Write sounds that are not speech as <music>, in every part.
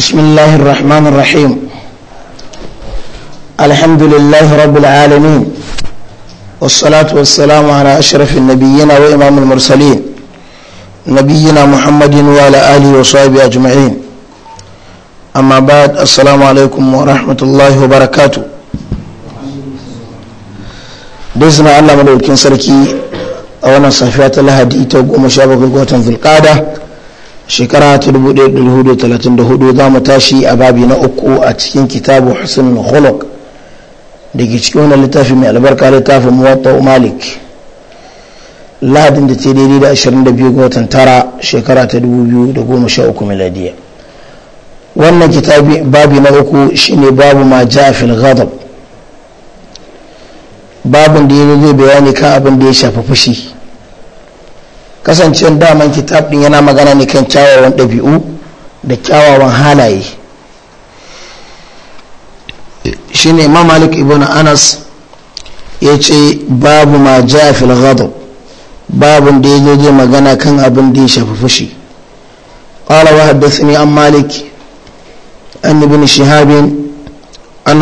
بسم الله الرحمن الرحيم الحمد لله رب العالمين والصلاة والسلام على أشرف النبيين وإمام المرسلين نبينا محمد وعلى آله وصحبه أجمعين أما بعد السلام عليكم ورحمة الله وبركاته بإذن الله مدعوكين سركي أولا صفيات الله دي توقو مشابه قوة في القادة shekara ta hudu za mu tashi a babi na uku a cikin kitabu husn holok da ke cikin wannan littafi mai albarka littafin muwatta malik lahadin da ce daidai da biyu ga watan tara shekara ta uku miladiya wannan kitabi babi na uku shine babu ma ja fil babin da ya zai bayani kan abin da ya shafi fushi kasancewar daman kitab din yana magana ne kan kyawawan ɗabi'u da kyawawan halaye shi ne mamalik ibn anas ya ce babu ma ja fil babu babun da ya je magana kan abin da ya shafi fushi qala wa ne an malik an ibn shihabin an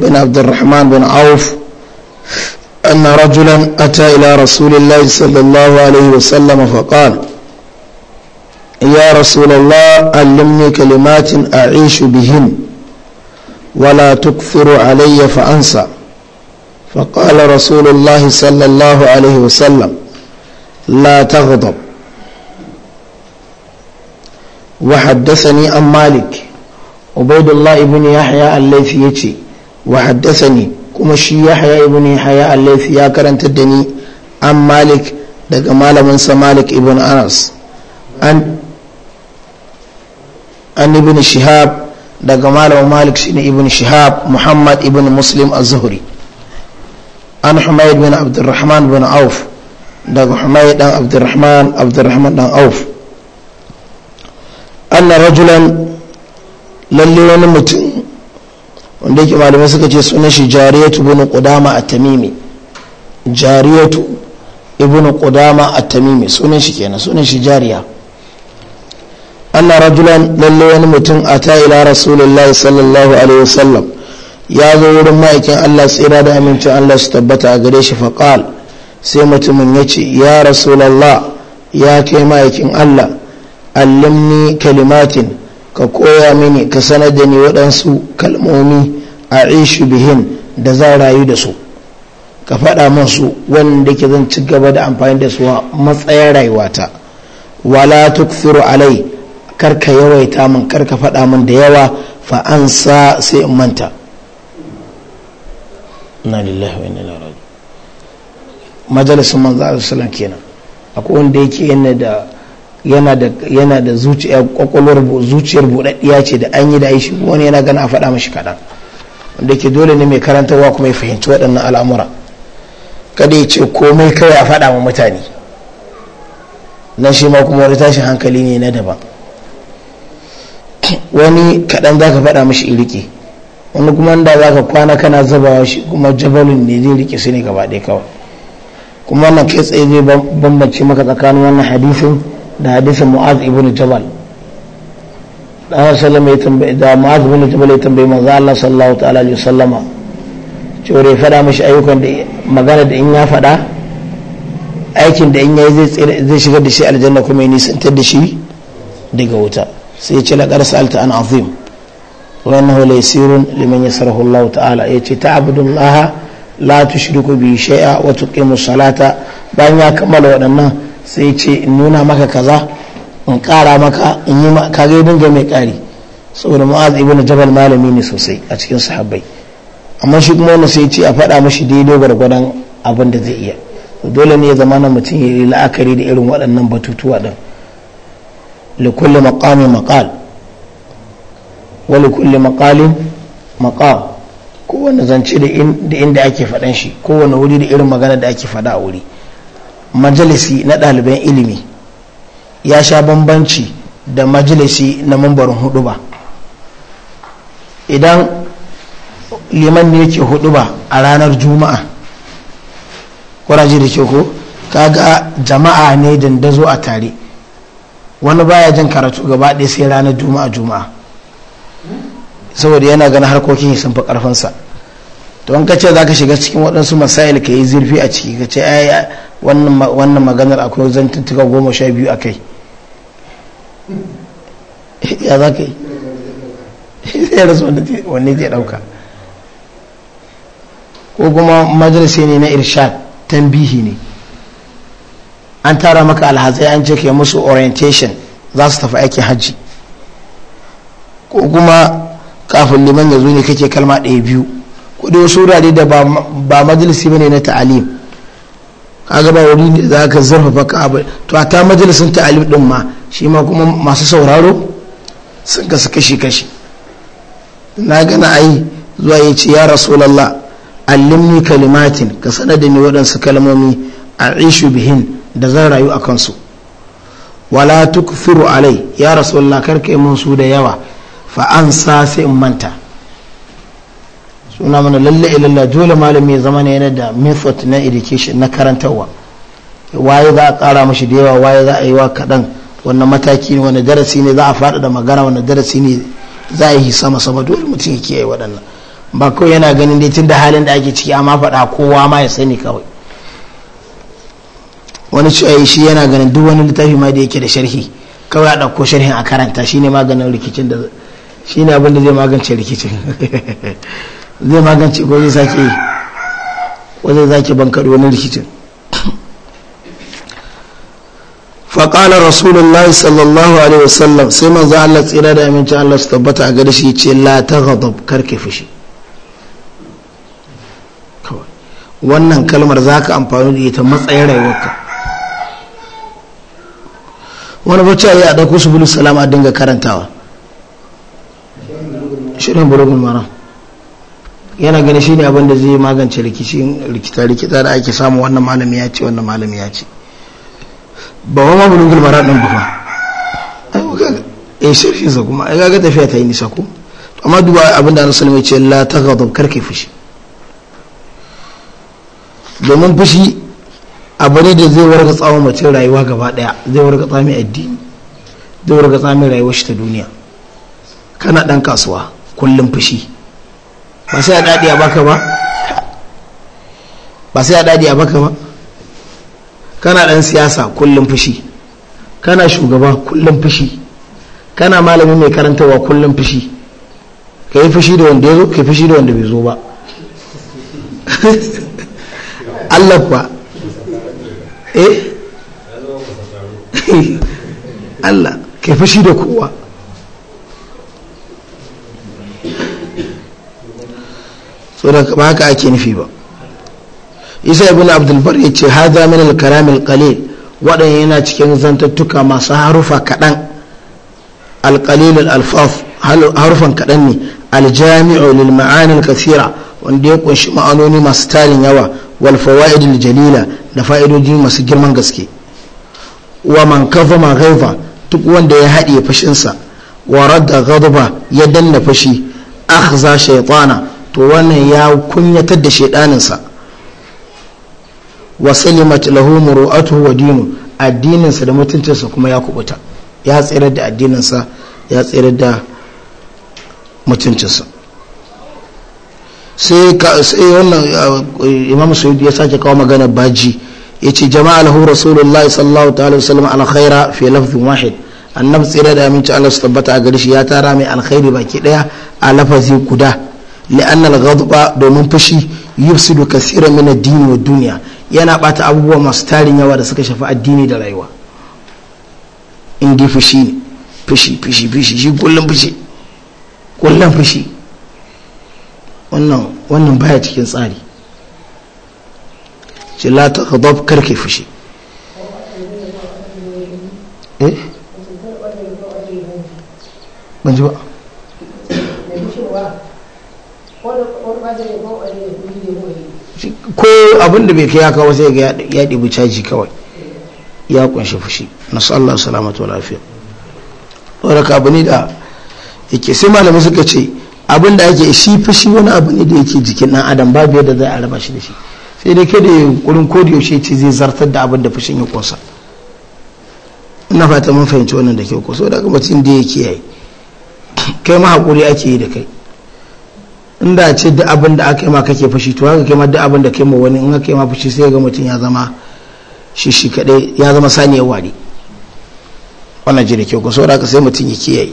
bin abdurrahman bin auf أن رجلا أتى إلى رسول الله صلى الله عليه وسلم فقال يا رسول الله علمني كلمات أعيش بهن ولا تكثر علي فأنسى فقال رسول الله صلى الله عليه وسلم لا تغضب وحدثني عن مالك عبيد الله بن يحيى الليثي وحدثني kuma shi ya yahya ibn haya al-layth ya karanta da ni an malik daga malamin sa malik ibn anas an an ibn shihab daga malamin malik shine ibn shihab muhammad ibn muslim az-zuhri an humayd bin abdurrahman bin auf daga humayd dan abdurrahman abdurrahman dan auf anna rajulan lalle wani mutum wanda yake malamai suka ce sunan shi jariyatu ibn qudama at-tamimi jariyatu ibn qudama at-tamimi sunan shi kenan sunan shi jariya anna rajulan lalle wani mutum ata ila rasulullah sallallahu alaihi wasallam ya zo wurin ma'aikin Allah tsira da amincin Allah su tabbata a gare shi faqal sai mutumin ya ce ya rasulullah ya kai ma'aikin Allah allimni kalimatin ka koya mini ka sanar da ni waɗansu kalmomi a ishu bihin da za rayu da su ka faɗa min su wanda ke zan ci gaba da amfani da su a matsayin rayuwata wala tukfiru alai karka ka yawaita min karka faɗa min da yawa fa an sa sai in manta na lillahi wa inna majalisun manzo sallallahu alaihi wasallam kenan akwai wanda yake yana da yana da zuciya kwakwalwar zuciyar buɗaɗɗiya ce da an yi da aishi wani yana gana a faɗa mashi kaɗan wanda ke dole ne mai karantarwa kuma ya fahimci waɗannan al'amura kada ya ce komai kawai a faɗa ma mutane nan shi ma kuma wani tashin hankali ne na daban <coughs> wani kaɗan za ka faɗa mashi irike wani kuma da za ka kwana kana zabawa shi kuma jabalin ne zai riƙe su ne gaba ɗaya kawai kuma wannan kai tsaye zai bambance maka tsakanin wannan hadisin da hadisin mu'az ibn jabal da sallama ya tambaye da mu'az ibn jabal ya tambaye manzo Allah sallallahu ta'ala alaihi wasallama cewa ya faɗa ayyukan da magana da in ya fada aikin da in yayi zai zai shigar da shi aljanna kuma ya nisantar da shi daga wuta sai ya ce laqad sa'alta an azim wa annahu laysirun liman yasarahu Allah ta'ala yace ta'budullaha la tushriku bi shay'a wa tuqimu salata bayan ya kammala waɗannan sai ce in nuna maka kaza in kara maka in yi kaga dinga mai kari saboda mu'az ibn jabal malami ne sosai a cikin sahabbai amma shi kuma wani sai ce a faɗa mashi daidai gwargwadon abin da zai iya dole ne ya zama na mutum ya yi la'akari da irin waɗannan batutuwa ɗin likulli makamin maƙal wa likulli maƙalin maƙal kowane zance da inda ake faɗan shi kowane wuri da irin magana da ake faɗa a wuri majalisi na ɗaliban ilimi ya sha bambanci da majalisi na mambarin ba idan liman ne yake ba a ranar juma'a kuraje da ke ko kaga jama'a ne dandazo a tare wani baya jin karatu gaba ɗaya sai ranar juma'a juma'a saboda yana ganin harkokin sun fi ƙarfinsa to an kace za ka shiga cikin waɗansu masail ka yi zurfi a ciki ka ce ai wannan maganar akwai zantuntuka goma sha biyu a kai <laughs> ya za ka yi sai <laughs> rasu wanne zai ɗauka ko kuma majalisi ne na irshad tambihi ne an tara maka alhazai an ce ke musu orientation za su tafi aikin hajji ko kuma kafin liman ya zo ne kake kalma ɗaya biyu kudi wasu wurare da ba majalisi bane na ta'alim kaga ba wuri ne za ka zarfafa ka abu to a ta majalisin ta'alim din ma shi ma kuma masu sauraro sun kasu kashi kashi na gana ai zuwa ya ce ya rasulallah allimni kalimatin ka sanar da ni waɗansu kalmomi a ishu bihin da zan rayu a kansu wala tukfiru alai ya rasulallah karka yi mun su da yawa fa an sa sai in manta suna mana lalle ilalla e dole malami ya zama ne yana da method na education na karantarwa waye za a kara mashi da yawa waye za a yi wa kaɗan wannan mataki ne wani darasi ne za a faɗa da magana wani darasi ne za a yi sama sama dole mutum ya kiyaye waɗannan ba kawai yana ganin dai tun da halin da ake ciki amma faɗa kowa ma ya sani kawai wani ciyayi shi yana ganin duk wani littafi ma da yake da sharhi kawai a ɗauko sharhin a karanta shine maganin rikicin da shine abin da zai magance rikicin <laughs> zai magance ko zai sake ko zai zake bankar wani rikicin faƙalar rasulullah sallallahu alaihi wasallam sai manzo Allah tsira da amincin Allah su tabbata a gare shi ce la ta ghadab karke fushi wannan kalmar za ka amfani da ita matsayin rayuwarka wani bacci a yi a ɗauko su bulu salama a dinga karantawa shirin bulugun mara yana gani shi abin da zai magance rikita-rikita da ake samu wannan malami ya ce wannan malami ya ce ba wa mabulin gulmara ɗin ba ya eh, shirfi sa kuma ya ga tafiya ta yi nisa ko amma duba abin da anasalama ya ce la ta gadon karke fushi domin fushi abu ne da zai warga tsawon mace rayuwa gaba daya zai warga tsami addini zai warga tsami rayuwa shi ta duniya kana dan kasuwa kullum fushi ba sai a daɗi a baka ba ba sai a daɗi a baka ba kana ɗan siyasa kullum fushi kana shugaba kullum fushi kana malami mai karantarwa kullum fushi ka yi fushi da wanda ya zo ka yi fushi da wanda bai zo ba <laughs> Allah ba eh <laughs> Allah ka yi fushi da kowa saboda ba haka ake nufi ba isa ibn abdulbar ya ce haza min al-karam waɗanda yana cikin zantattuka masu harufa kaɗan al alfaf harufan kaɗan ne al-jami'u lil ma'anil wanda ya kunshi ma'anoni masu tarin yawa wal fawaid jalila da fa'idoji masu girman gaske wa man kazama duk wanda ya haɗe fashinsa wa radda ghadaba ya danna fashi akhza shaytana to wannan ya kunyatar da shaidaninsa wa salimat lahu muru'atuhu wa dinu addininsa da mutuncinsa kuma ya kubuta ya tsirar da addininsa ya tsirar da mutuncinsa sai wannan eh, imam sayyid ya sake kawo magana baji ya ce jama'a lahu rasulullahi sallallahu ta'ala wasallam alkhaira fi lafzin wahid annabi tsere da aminci Allah su tabbata a gare shi ya tara mai alkhairi baki daya a lafazi guda لأن الغضب دومن فشي يفسد كثيرا من الدين والدنيا yana bata abubuwa masu tarin yawa da suka shafi addini da rayuwa in dai fushi ne fushi fushi fushi shi kullum fushi wannan baya cikin tsari ce ta ghadab karke fushi ko abin da bai kai haka ba sai ga ya ɗibi caji kawai ya kunshi fushi na Allah salamatu lafiya wadda abu ne da yake sai suka ce abin da ake shi fushi wani abu ne da yake jikin ɗan adam babu yadda za a raba shi da shi sai dai kada ya kurin ko yaushe ce zai zartar da abin da fushin ya kosa ina fata mun fahimci wannan da kyau ko so da kuma mutum da yake yayi kai ma hakuri ake yi da kai inda ce duk abin da aka yi ma kake fushi to haka kai ma duk abin da kai ma wani in aka yi ma fushi sai ga mutum ya zama shi shi kadai ya zama saniyar wari wannan ji da kyau da sai mutum ya kiyaye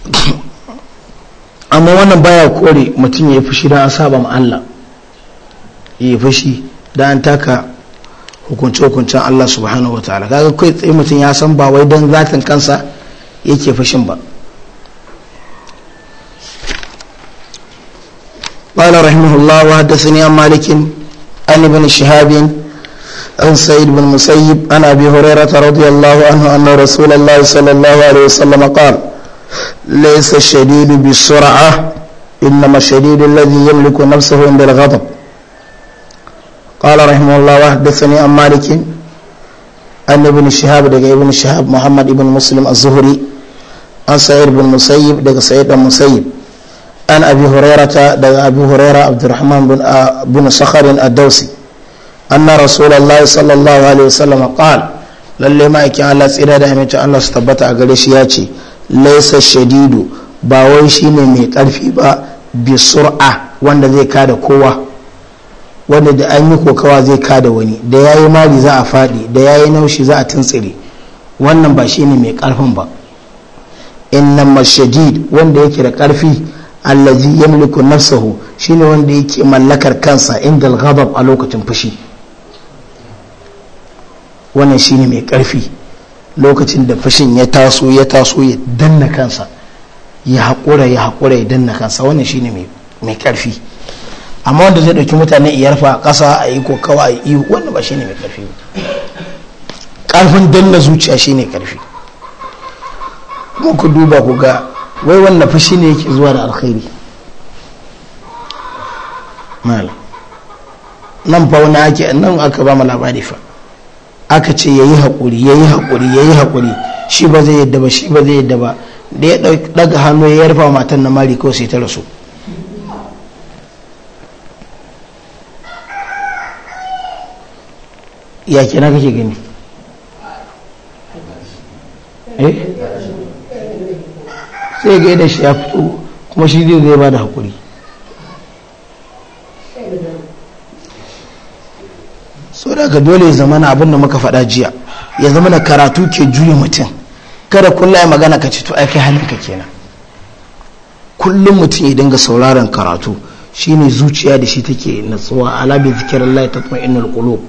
<coughs> amma wannan baya kore mutum ya yi fushi don an saba ma Allah ya yi fushi don an taka hukunce-hukuncen Allah subhanahu wa ta'ala kaga kai tsaye mutum ya san ba wai don zatin kansa yake fushin ba قال رحمه الله وحدثني عن مالك عن ابن شهاب عن سيد بن مسيب عن أبي هريرة رضي الله عنه أن رسول الله صلى الله عليه وسلم قال ليس الشديد بالسرعة إنما الشديد الذي يملك نفسه عند الغضب قال رحمه الله وحدثني عن مالك عن ابن شهاب دقى ابن شهاب محمد بن مسلم الزهري عن سعيد بن مسيب دقى سعيد بن مسيب an abi hurairata daga abi huraira abdurrahman bin sakharin ad-dausi anna rasulullahi sallallahu alaihi wasallam qal lalle ma'aikin Allah tsira da amincin Allah su tabbata a gare shi ya ce laisa shadidu ba wai shine mai karfi ba bi sur'a wanda zai kada kowa wanda da an yi kokawa zai kada wani da yayi mari za a fadi da yayi naushi za a tuntsire wannan ba shine mai karfin ba inna Shadid wanda yake da karfi allazi yamliku nafsahu shine wanda yake mallakar kansa inda al-ghadab a lokacin fushi wannan shine mai karfi lokacin da fushin ya taso ya taso ya danna kansa ya haƙura ya haƙura ya danna kansa wannan shine mai karfi amma wanda zai ɗauki mutane ya a ƙasa a yi kokawa a yi wannan ba shine mai karfi karfin danna zuciya shine karfi kuma ku duba ku ga wai wannan fa shine yake zuwa da alkhairi mal nan fa wani ake nan aka ba mu labari fa aka ce yayi hakuri yayi hakuri yayi hakuri shi ba zai yadda ba shi ba zai yadda ba da ya daga hannu ya yarfa matan na mari ko sai ta rasu ya kina kake gani eh sai ga yadda shi ya fito kuma shi zai zai ba da haƙuri so da ka dole ya zama na abin da muka faɗa jiya ya zama na karatu ke juya mutum kada kulla ya magana ka ce to ai kai ka kenan kullum mutum ya dinga sauraron karatu shine zuciya da shi take natsuwa ala bi zikrillah inar kulo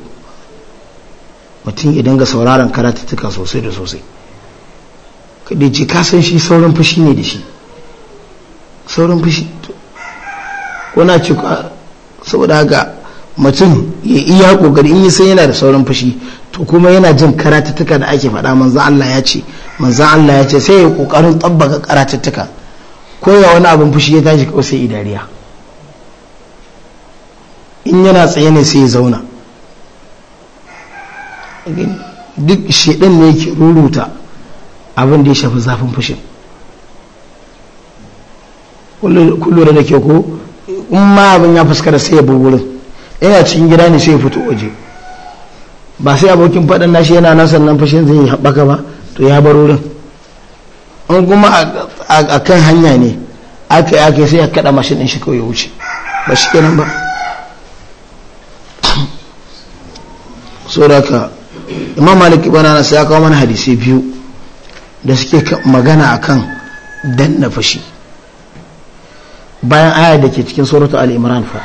mutum ya dinga sauraron karatuttuka sosai da sosai kaɗai ce kasan shi sauran fushi ne da shi sauran fushi wana ce saboda ga mutum ya iya kokari in yi san yana da sauran fushi to kuma yana jin karatattuka da ake faɗa manzan Allah ya ce manzan Allah ya ce sai ya kokarin tsabbaka karatattuka ko ya wani abin fushi ya tashi kawai sai idariya in yana tsaye ne sai ya zauna duk shaɗan ne yake ruruta abin da ya shafi zafin fushin kullum da ke ko in ma abin ya fuskara sai ya bi wurin yana cikin gida ne sai ya fito waje ba sai abokin faɗin nashi yana nan sannan fushin zai yi haɓaka ba to ya bar wurin in kuma a kan hanya ne aka yi aka sai ya kaɗa mashin ɗin shi kawai ya wuce ba shi kenan ba so da ka imam malik ibana anas ya kawo mana hadisi biyu da suke magana akan danna fashi bayan aya da ke cikin suratu al-imran fa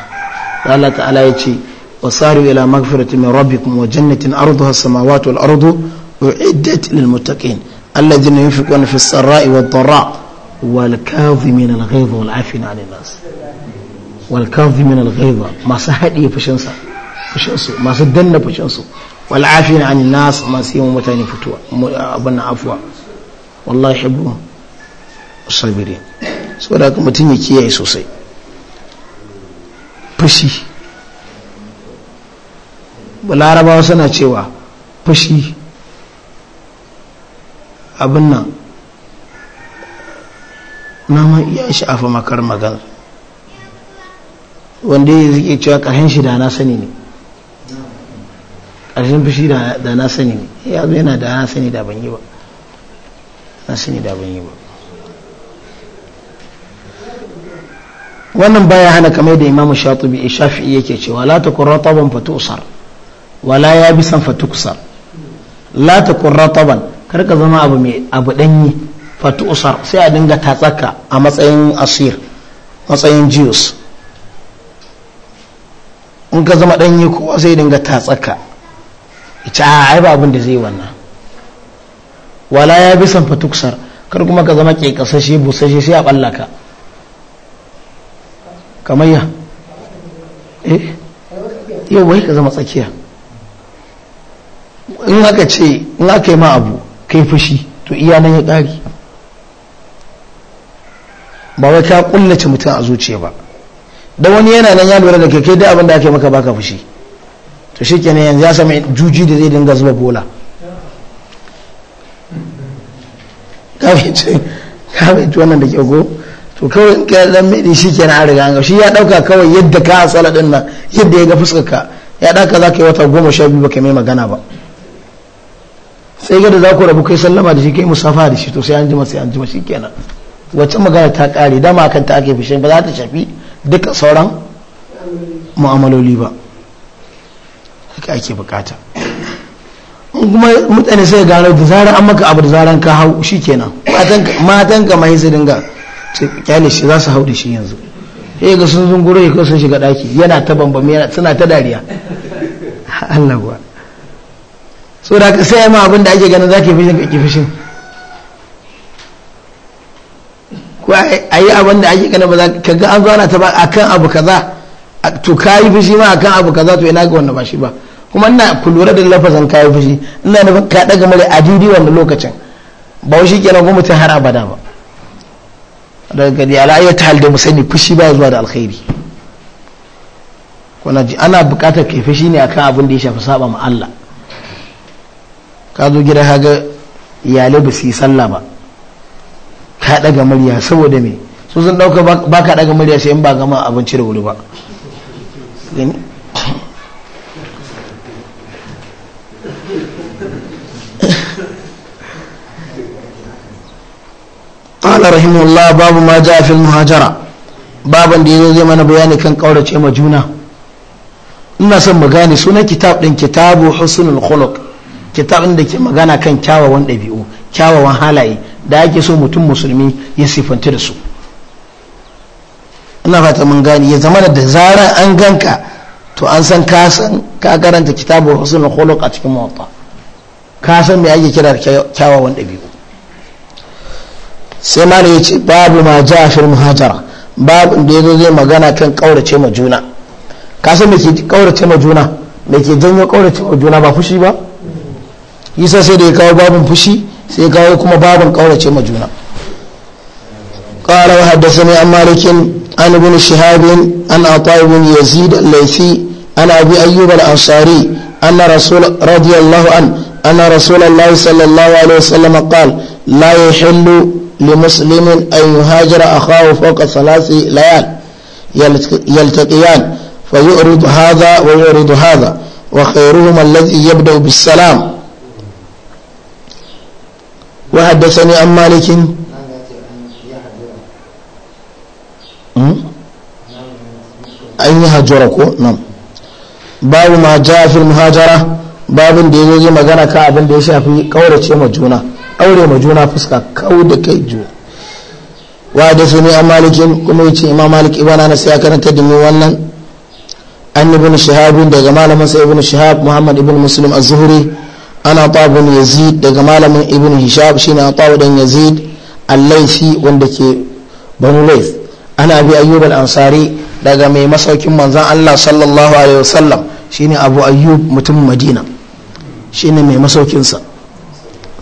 Allah ta'ala ya ce wasari'u ila magfirati min rabbikum wa jannatin arduha as-samawati wal ardu u'iddat lil muttaqin alladhina yunfiquna fi as-sarra'i wad-dharra wal kadhimina al-ghayza wal 'afina 'anil nas wal kadhimina al-ghayza masu hadiye fushin sa fushin su masu danna fushin su wal 'afina 'anil nas masu yi mutane fituwa abun afwa wallahi hibbun sabiri saboda kuma mutum ya kiyaye sosai fushi larabawa suna cewa fushi abin nan nama ya sha'afa makar magana wanda ya zike cewa ƙarshen shi da na sani ne ƙarshen fushi da na sani ne ya zo yana da na sani da ban yi ba an san da ban yi ba wannan baya hana kamar da imamu shatubi eh, shafi'i yake cewa la ta kurra taban fatusar wala ya bi san fatukusar la ta kurra taban karka zama abu mai abu danyi fatusar sai a dinga tatsaka a matsayin asir matsayin jiyus in ka zama danyi kowa sai dinga tatsaka ita a ba abin da zai wannan wala ya bi san fatuksar kar kuma ka zama ke kasashe busashe sai a ballaka kamar ya eh yau wai ka zama tsakiya in haka ce in aka yi ma abu kai fushi to iya nan ya ƙari ba wai ka kullace mutum a zuciya ba don wani yana nan ya lura da kai kai da abin da ake maka baka fushi to shi kenan yanzu ya sami juji da zai dinga zuba bola kafin wannan da ke go to kawai in ka dan mai shi kenan an riga shi ya ɗauka kawai yadda ka asala din nan yadda ya ga fuskarka ka ya dauka za ka yi wata goma sha biyu baka mai magana ba sai ga da za ku rabu kai sallama da shi kai musafa da shi to sai an jima sai an jima shi kenan wacce magana ta kare dama kan ta ake fushin ba za ta shafi duka sauran mu'amaloli ba haka ake bukata kuma mutane sai gano da zarar an maka abu da zarar ka hau shi kenan matan ka mai zirin ga kyale shi za su hau da shi yanzu sai ga sun zunguro ya sun shiga daki yana ta bambam yana suna ta dariya Allah kuwa so da ka sai ma abin da ake ganin za ka fishin ka ki fishin ko a yi abin da ake ganin ba za ka ga an zauna ta ba akan abu kaza to ka yi fishi ma akan abu kaza to ina ga wanda ba shi ba kuma ina ku lura da lafazin kayi fushi ina nufin ka daga mare a didi wannan lokacin ba wai shikenan kuma mutum har abada ba daga gadi ala ayyar ta da mu sani fushi ba zuwa da alkhairi kuna ji ana bukatar kai fushi ne akan abin da ya shafi saba ma Allah ka zo gida ka ga iyalai ba su yi sallah ba ka daga murya saboda me su sun dauka ba ka daga murya sai in ba gama abinci da wuri ba قال رحمه الله باب ما جاء في المهاجرة da yazo zai mana bayani kan kaurace ma juna ina son mu gane sunan kitab din kitabu husnul khuluq kitab da ke magana kan kyawawan ɗabi'u kyawawan halaye da ake so mutum musulmi ya sifanta da su ina fata mun gane ya zama da zara an ganka to an san ka san ka karanta kitabu husnul khuluq a cikin muwatta ka san me ake kira kyawawan ɗabi'u sai ma da ya ce babu ma ja a fil muhajara babu da ya zo zai magana kan ƙaurace ma juna ka san ke ƙaurace ma juna da ke janyo ƙaurace ma juna ba fushi ba isa sai da ya kawo babin fushi sai ya kawo kuma babin ƙaurace ma juna ƙara wahar da an malikin an bin shahabin an atai yazi da laifi an abi ayyubar ansari an na rasu radiyallahu an an na rasulallahu sallallahu alaihi wasallam qal la yahillu لمسلم أن يهاجر أخاه فوق ثلاث ليال يلتقيان فيعرض هذا ويعرض هذا وخيرهما الذي يبدأ بالسلام وحدثني عن مالك أن يهجرك نعم باب ما جاء في المهاجرة babin da ya zo magana ka abin da ya shafi kaurace ma juna aure ma juna fuska kawo da kai juna wa da su ne a malikin kuma yi ce imam malik ibana na sai ya karanta da wannan an ibn shahabin daga malamin sa ibn shahab muhammad ibn muslim az-zuhri ana tabun yazid daga malamin ibn hishab shine atawu dan yazid al-laisi wanda ke banu laif ana bi ayyub al-ansari daga mai masaukin manzon Allah sallallahu alaihi wasallam shine abu ayyub mutum madina shine mai masaukin sa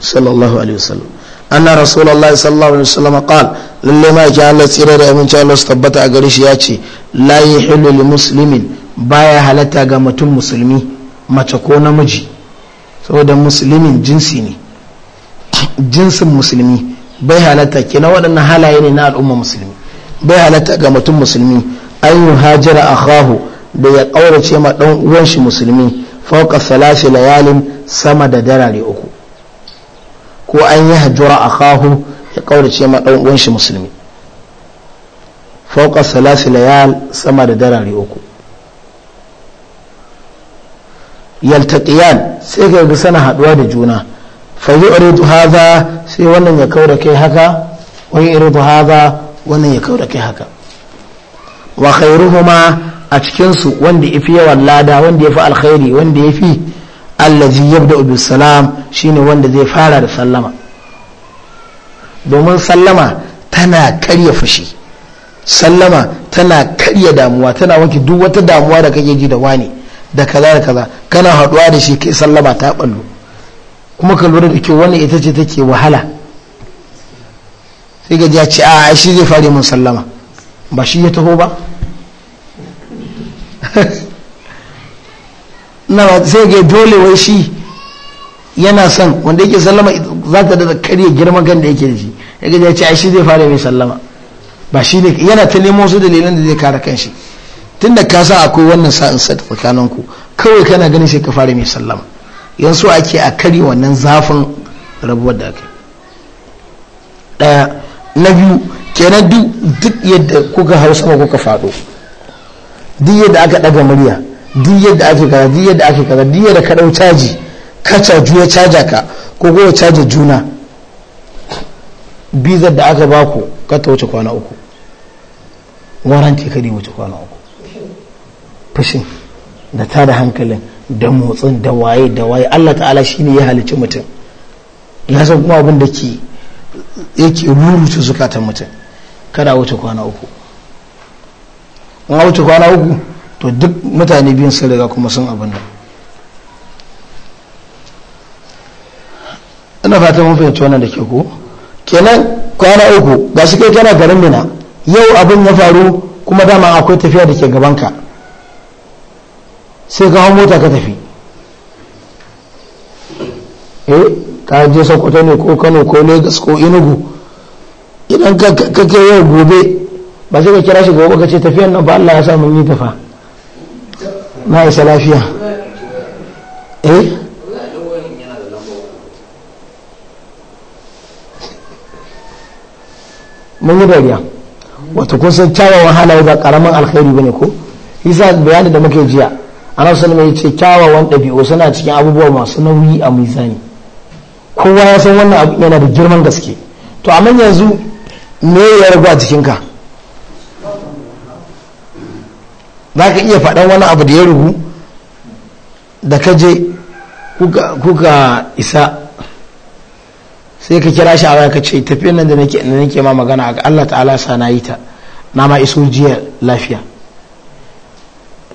صلى الله عليه وسلم أن رسول الله صلى الله عليه وسلم قال لما جعل سيرة من جعل استبت أقريش ياتي لا يحل لمسلم بايا هلتا قامة مسلمي ما تكون مجي saboda musulmin jinsi ne jinsin musulmi bai halatta kenan wadannan halaye ne na al'umma musulmi bai halatta ga mutum musulmi an yi akahu da ya ƙaurace ma ɗan uwan shi musulmi fauka salashi layalin sama da darare uku ko an yi hajjura a kahu ya kaurace ma ɗan uwan shi musulmi fauka salasi layal sama da darari uku yaltaqiyan sai ga sana haɗuwa da juna fa yu'ridu hadha sai wannan ya kaura kai haka wa yu'ridu hadha wannan ya kaura kai haka wa khairuhuma a cikin su wanda yafi yawan lada wanda yafi alkhairi wanda yafi allazi yabda bis salam shine wanda zai fara da sallama domin sallama tana karya fushi sallama tana karya damuwa tana wanke duk wata damuwa da kake ji da wani da kaza da kaza kana haduwa da shi kai sallama ta ballo kuma ka lura da kyau wannan ita ce take wahala sai gajiya ji ce a shi zai fare mun sallama ba shi ya taho ba <laughs> na sai ga dole wai shi yana son wanda yake sallama za ta da karya girman kan da yake da shi ya ya ce shi zai fara mai sallama ba shi ne yana ta nemo su dalilan da zai kare tun tunda ka sa akwai wannan sa'in sa tsakanin ku kawai kana ganin sai ka fara mai sallama yanzu ake a kari wannan zafin rabuwar da aka daya na biyu kenan duk yadda kuka hausa kuka faɗo duk yadda aka ɗaga murya duk yadda ake kaza duk yadda ake kaza duk yadda ka dau caji ka caju ya caja ka ko ko ya caja juna bizar da aka baku ka ta wuce kwana uku waranti ka ne wuce kwana uku fushin da ta da hankalin da motsin da waye da waye Allah ta'ala shine ya halicci mutum ya san kuma abin da ke yake rurutu zukatan mutum kada wuce kwana uku wuce kwana uku to duk mutane biyun sun riga kuma sun abin nan ina fata mun fahimci wannan da ke ko kenan kwana uku ga shi kai kana garin mina yau abin ya faru kuma dama akwai tafiya da ke gabanka sai ka hau mota ka tafi eh ka je sokoto ne ko kano ko lagos ko Inugu idan ka kai yau gobe ba sai ka kira shi gobe ka ce tafiyan nan ba Allah ya sa mun yi tafa na isa lafiya eh mun yi dariya wato kun san kyawawan wahala ba karamin alkhairi bane ko isa bayanin da muke jiya ana sallama ya ce kyawawan ɗabi'u suna cikin abubuwa masu nauyi a mizani kowa ya san wannan abu yana da girman gaske to amma yanzu me ya ragu a jikinka za ka iya faɗan wani abu da ya rubu da ka je kuka isa sai ka kira shi a waya ka ce tafiya nan da nake ma magana a Allah ta'ala sa na yi ta na ma iso jiya lafiya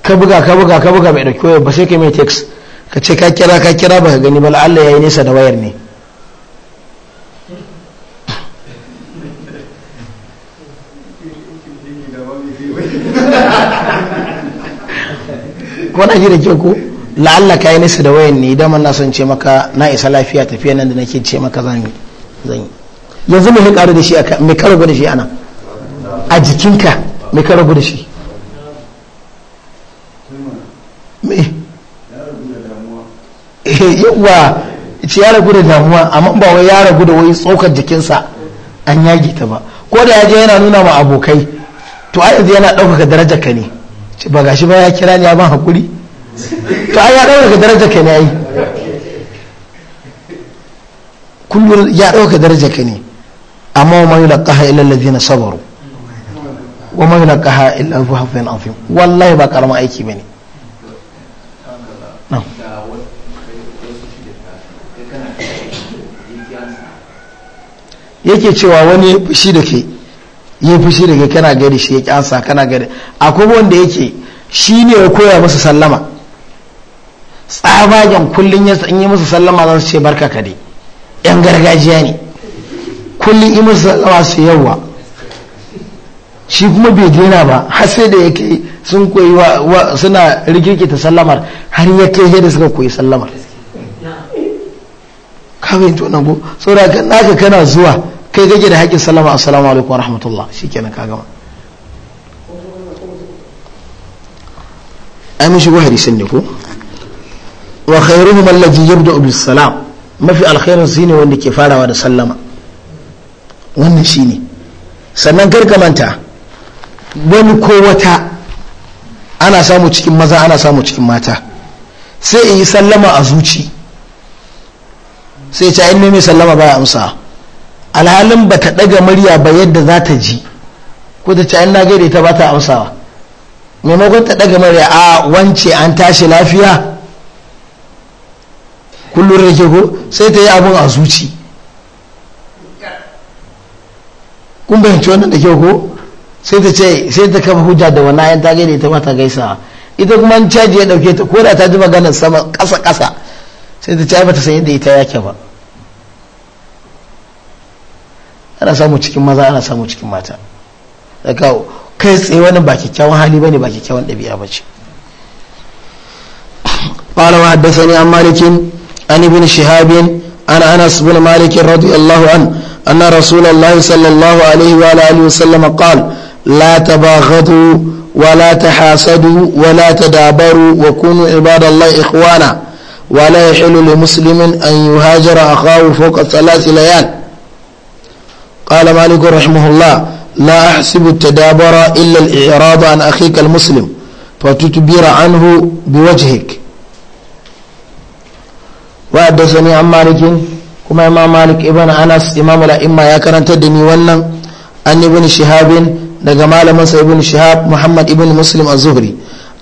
ka buga ka buga ka buga bai dauki waya ba sai ka mai text ka ce ka kira ka kira ba ka gani ba Allah ya yi nesa da wayar ne kuna ji da ke ko la'alla ka yi nisa da wayan ne idan na son ce maka na isa lafiya tafiya nan da nake ce maka zan yi yanzu mai karu da shi aka mai karo da shi ana a jikinka mai karo da shi me eh, ce ya ragu da damuwa amma ba wai ya ragu da wai tsokar jikinsa an yage ta ba ko da ya je yana nuna ma abokai to a yanzu yana ɗaukaka darajar ka ne ba shi ba ya kira ni ya ban hakuri to ai ya dauka daraja ka ne ai kullum ya dauka daraja ka ne amma wa ma yulqaha illa alladhina sabaru wa ma yulqaha illa dhu hafin azim wallahi ba karama aiki bane yake cewa wani shi da ke yi fushi daga kana gari shi ya kyansa kana gari akwai wanda yake shi ne ya koya musu sallama tsabagen kullum ya yi musu sallama za su ce barka ka dai yan gargajiya ne kullum yi musu sallama su yawa shi kuma bai daina ba har sai da yake sun koyi wa suna rikirkita sallamar har ya kai da suka koyi sallamar kawai to nan ko saboda naka kana zuwa kai gaje da haƙƙin sallama assalamu alaikum wa rahmatullah shikenan ka gama ai mun shigo hadisin ne ko wa khairuhum allazi yabda'u bis salam mafi alkhairin shine wanda ke farawa da sallama wannan shine sannan gargamanta wani ko wata ana samu cikin maza ana samu cikin mata sai in yi sallama a zuci sai ta in mai sallama baya amsa alhalin ba ta ɗaga murya ba yadda za ta ji ko ta ce an na gaida ta ba ta amsawa maimakon ta ɗaga murya a wance an tashi lafiya kullum da ke ko sai ta yi abin a zuci kun bayanci wannan da ke ko sai ta ce sai ta kafa hujja da wani ayan ta gaida ta ba ta gaisawa ita kuma an caji ya ɗauke ta ko da ta ji maganar sama ƙasa ƙasa sai ta ce ba ta san yadda ita yake ba ana samu cikin maza ana samu cikin mata daga kai tsaye wani ba kyakkyawan hali ba ne ba kyakkyawan ɗabi'a ba ce ƙwarar haddasa ne an malikin an ibin shahabin ana ana su bin malikin radiyallahu an anna rasulallah sallallahu alaihi wa alihi wasallama qal la tabaghadu wa la tahasadu wa la tadabaru wa kunu ibadallah ikwana wala la yahlu li muslimin an yuhajira akhahu fawqa thalath layal قال مالك رحمه الله لا أحسب التدابر إلا الإعراض عن أخيك المسلم فتتبير عنه بوجهك وحدثني عن مالك كما إمام مالك ابن أنس إمام الأئمة يا كرنت الدني ولن أن ابن شهاب دقى مال منصر ابن شهاب محمد ابن مسلم الزهري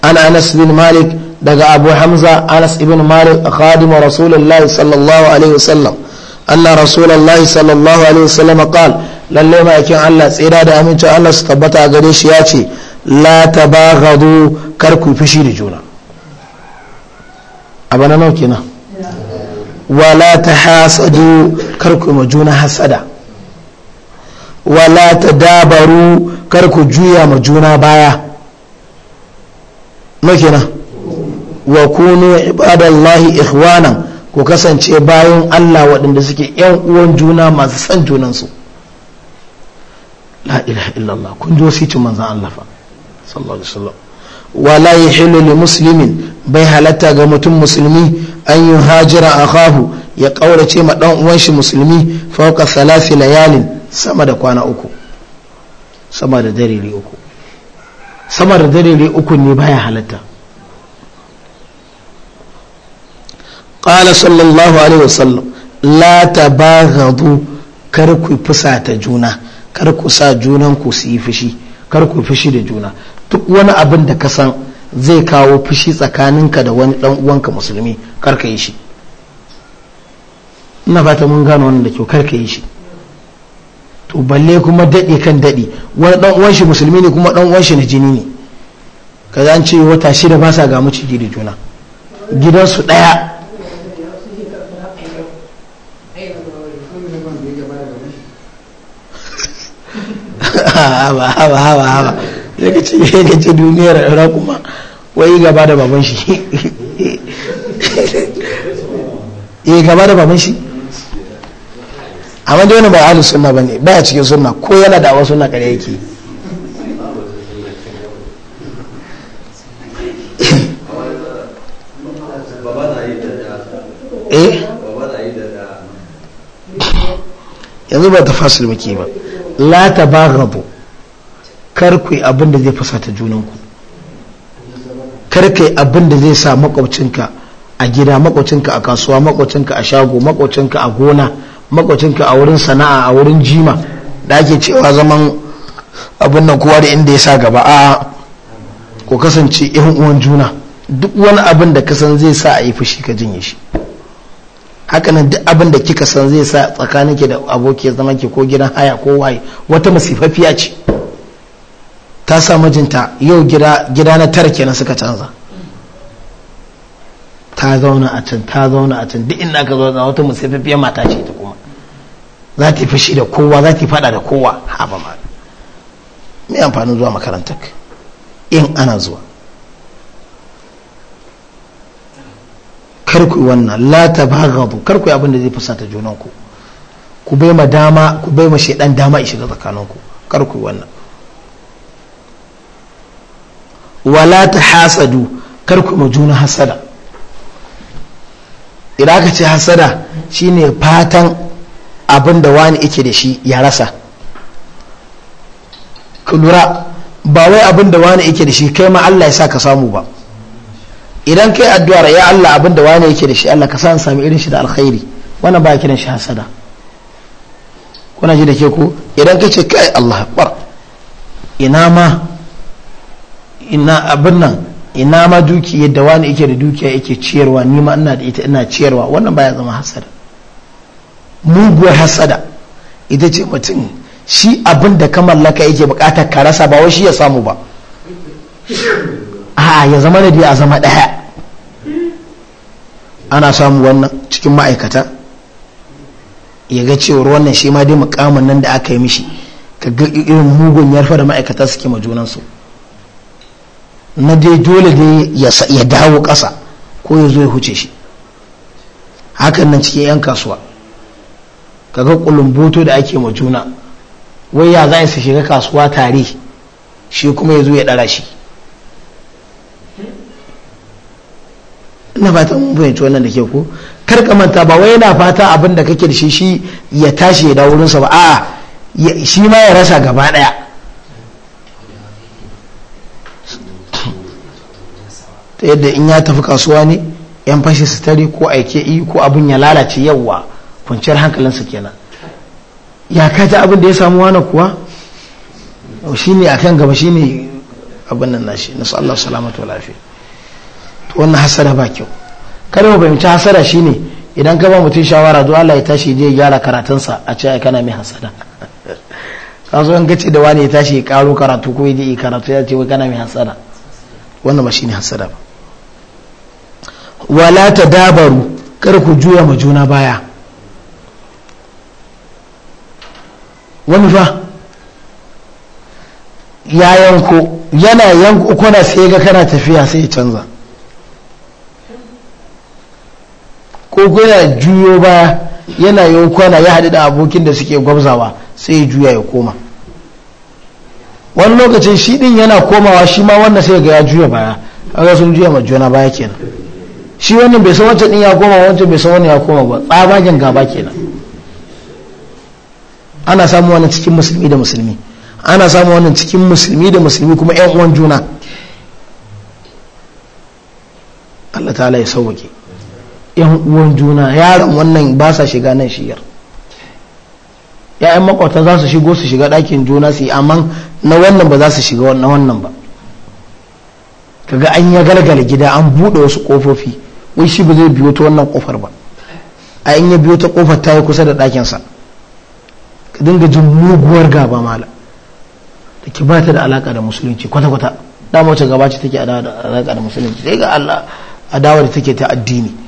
أنا أنس بن مالك دقى أبو حمزة أنس ابن مالك خادم رسول الله صلى الله عليه وسلم anna rasulallah sallallahu alaihi wasallam qal lalle ma'aikin Allah tsira da amincin Allah su tabbata a gare shi ya ce la tabaghadu kar ku fishi da juna abana nau kenan wa la tahasadu kar ku ma juna hasada wa la tadabaru kar ku juya ma juna baya nau kenan wa kunu ibadallahi ikhwanan ku kasance bayan Allah waɗanda suke ‘yan uwan juna masu san junansu la ilaha illallah kun ji wasu manzan Allah fa sallallahu alaihi wasallam wala yahillu li muslimin bai halatta ga mutum musulmi an yi hajira a kahu ya ƙaurace ma ɗan uwan shi musulmi fauka salasi layalin sama da kwana uku sama da dare uku sama da dare uku ne baya halatta Ƙala sallallahu alaihi wasallam la tabaghadu kar ku ta juna kar ku sa junan ku su yi fushi kar ku fushi da juna duk wani abin da ka san zai kawo fushi tsakaninka da wani dan uwanka musulmi kar ka yi shi ina fata mun gano wannan da kyau kar ka yi shi to balle kuma daɗe kan daɗe wani dan uwan shi musulmi ne kuma dan uwan shi na jini ne kaza an ce wata shida ba sa ga maciji da juna gidansu ɗaya haba haba haba haba ka ce ka ce duniyar kuma wai gaba da baban shi eh gaba da baban shi amma dai wani ba ahlus sunna bane baya cikin sunna ko yana da wasu eh? na kare yake yanzu ba fasil muke ba la ta ba rabu karkai abin da zai fasata junanku karkai abin da zai sa makwabcinka a gida makwabcinka a kasuwa makwabcinka a shago makwabcinka a gona makwabcinka a wurin sana'a a wurin jima da ake cewa zaman abin nan kowa da inda ya sa gaba a ko kasance yan uwan juna duk wani abin da kasan zai sa a yi fushi ka jinye shi hakanan duk abin da kika san zai sa tsakanin ki da aboki zama ki ko gidan haya ko waye wata masifafiya ce ta sa mijinta yau gida gida na tara kenan suka canza ta zauna a can ta zauna a can duk inda ka zauna wata masifafiya mata ce ta kuma za ta fushi da kowa za ta fada da kowa haba ma me amfanin zuwa makarantar in ana zuwa kar ku wannan la ta tabaghadu kar ku abin da zai fusata junan ku ku bai ma dama ku bai ma shaidan dama ya shiga tsakanin ku kar ku wannan wala tahasadu kar ku ma juna hasada idan aka ce hasada shine fatan abin da wani yake da shi ya rasa ku lura ba wai abin da wani yake da shi kai ma Allah ya sa ka samu ba idan kai addu'ar ya Allah abin da wani yake da shi Allah ka san sami irin shi da alkhairi wannan ba kiran shi hasada kuna ji da ke ku idan ka ce kai Allah akbar ina ma ina abin nan ina ma duki yadda wani yake da dukiya yake ciyarwa ni ma ina da ita ina ciyarwa wannan baya zama hasada muguwar hasada ita ce mutum shi abin da ka mallaka yake bukata ka rasa ba wai shi ya samu ba a'a ya zama da a zama ɗaya ana samu wannan cikin ma'aikata ya ga cewar wannan shi ma dai mukamin nan da aka yi mishi ka ga irin mugun yarfa da ma'aikata suke ma junansu na dai dole dai ya dawo ƙasa ko ya zo ya huce shi hakan nan cikin 'yan kasuwa ka ga kulumboto da ake ma juna wai ya za su shiga kasuwa tare shi kuma ya zo ya ɗara shi ina fata mun fahimci wannan da ke ko kar ka manta ba wai yana fata abin da kake da shi shi ya tashi ya dawo ba a shi ma ya rasa gaba daya ta yadda in ya tafi kasuwa ne yan fashi su tare ko aike yi ko abin ya lalace yawa kwanciyar hankalinsa kenan ya kaji abin da ya samu wani kuwa shi ne a kan gaba shi ne abin nan nashi nasu Allah salamatu wa lafiya to wannan hasada ba kyau kada mu fahimci hasada shine idan ka ba mutum shawara zuwa Allah ya tashi je gyara karatunsa a ce ai kana mai hasada ka zo an gace da wani ya tashi ya karo karatu ko ya karatu ya ce wai kana mai hasada wannan ba shine hasada ba wala ta dabaru kar ku juya ma juna baya wani fa ya yanko yana yanko kuna sai ga kana tafiya sai ya canza ko kuna juyo ba yana yi kwana ya haɗu da abokin da suke gwabzawa sai ya juya ya koma wani lokacin shi ɗin yana komawa shi ma wannan sai ga ya juya baya kaga sun juya ma juna baya kenan shi wannan bai san wancan ɗin ya koma wancan bai san wani ya koma ba tsabagen gaba kenan ana samun wannan cikin musulmi da musulmi ana samun wannan cikin musulmi da musulmi kuma 'yan uwan juna Allah ta'ala ya sauwake yan uwan juna yaran wannan ba sa shiga nan shiyar ya'yan makwata za su shigo su shiga ɗakin juna su yi amma na wannan ba za su shiga na wannan ba kaga an ya galgala gida an buɗe wasu ƙofofi wai shi ba zai biyo ta wannan ƙofar ba a in ya biyo ta ƙofar ta yi kusa da ɗakinsa ka dinga jin muguwar gaba mala da ke ba ta da alaƙa da musulunci kwata-kwata dama wacce gaba ce take da alaƙa da musulunci sai ga Allah adawar take ta addini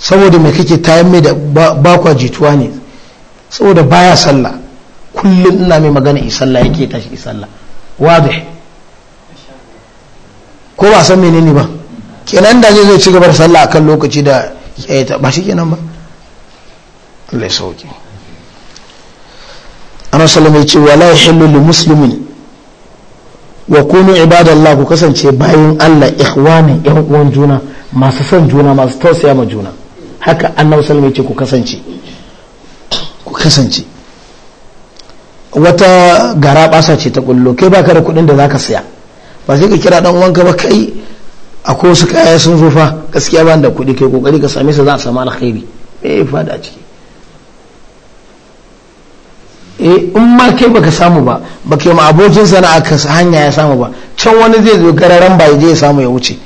saboda mai kake tayan mai da bakwa jituwa ne saboda baya sallah kullum ina mai magana isalla yake tashi isalla wadih ko ba san menene ba kenan da zai ci gaba da sallah akan lokaci da ya ta ba shi kenan ba Allah ya sauke ana sallama ya ce wala yahillu lil muslimin wa kunu Allah ku kasance bayan Allah ikhwanin yan uwan juna masu son juna masu tausaya ma juna haka annabi sallallahu alaihi ku ce ku kasance wata gara basa ce ta kullo kai baka da kuɗin da zaka saya ba sai ka kira dan uwanka ba kai akwai wasu kaya sun zo fa gaskiya ba da kuɗi kai kokari ka same su za a samu alkhairi eh fada ciki eh in ma kai baka samu ba baka ma abokin sana'a ka hanya ya samu ba can wani zai zo gararan ba ya je ya samu ya wuce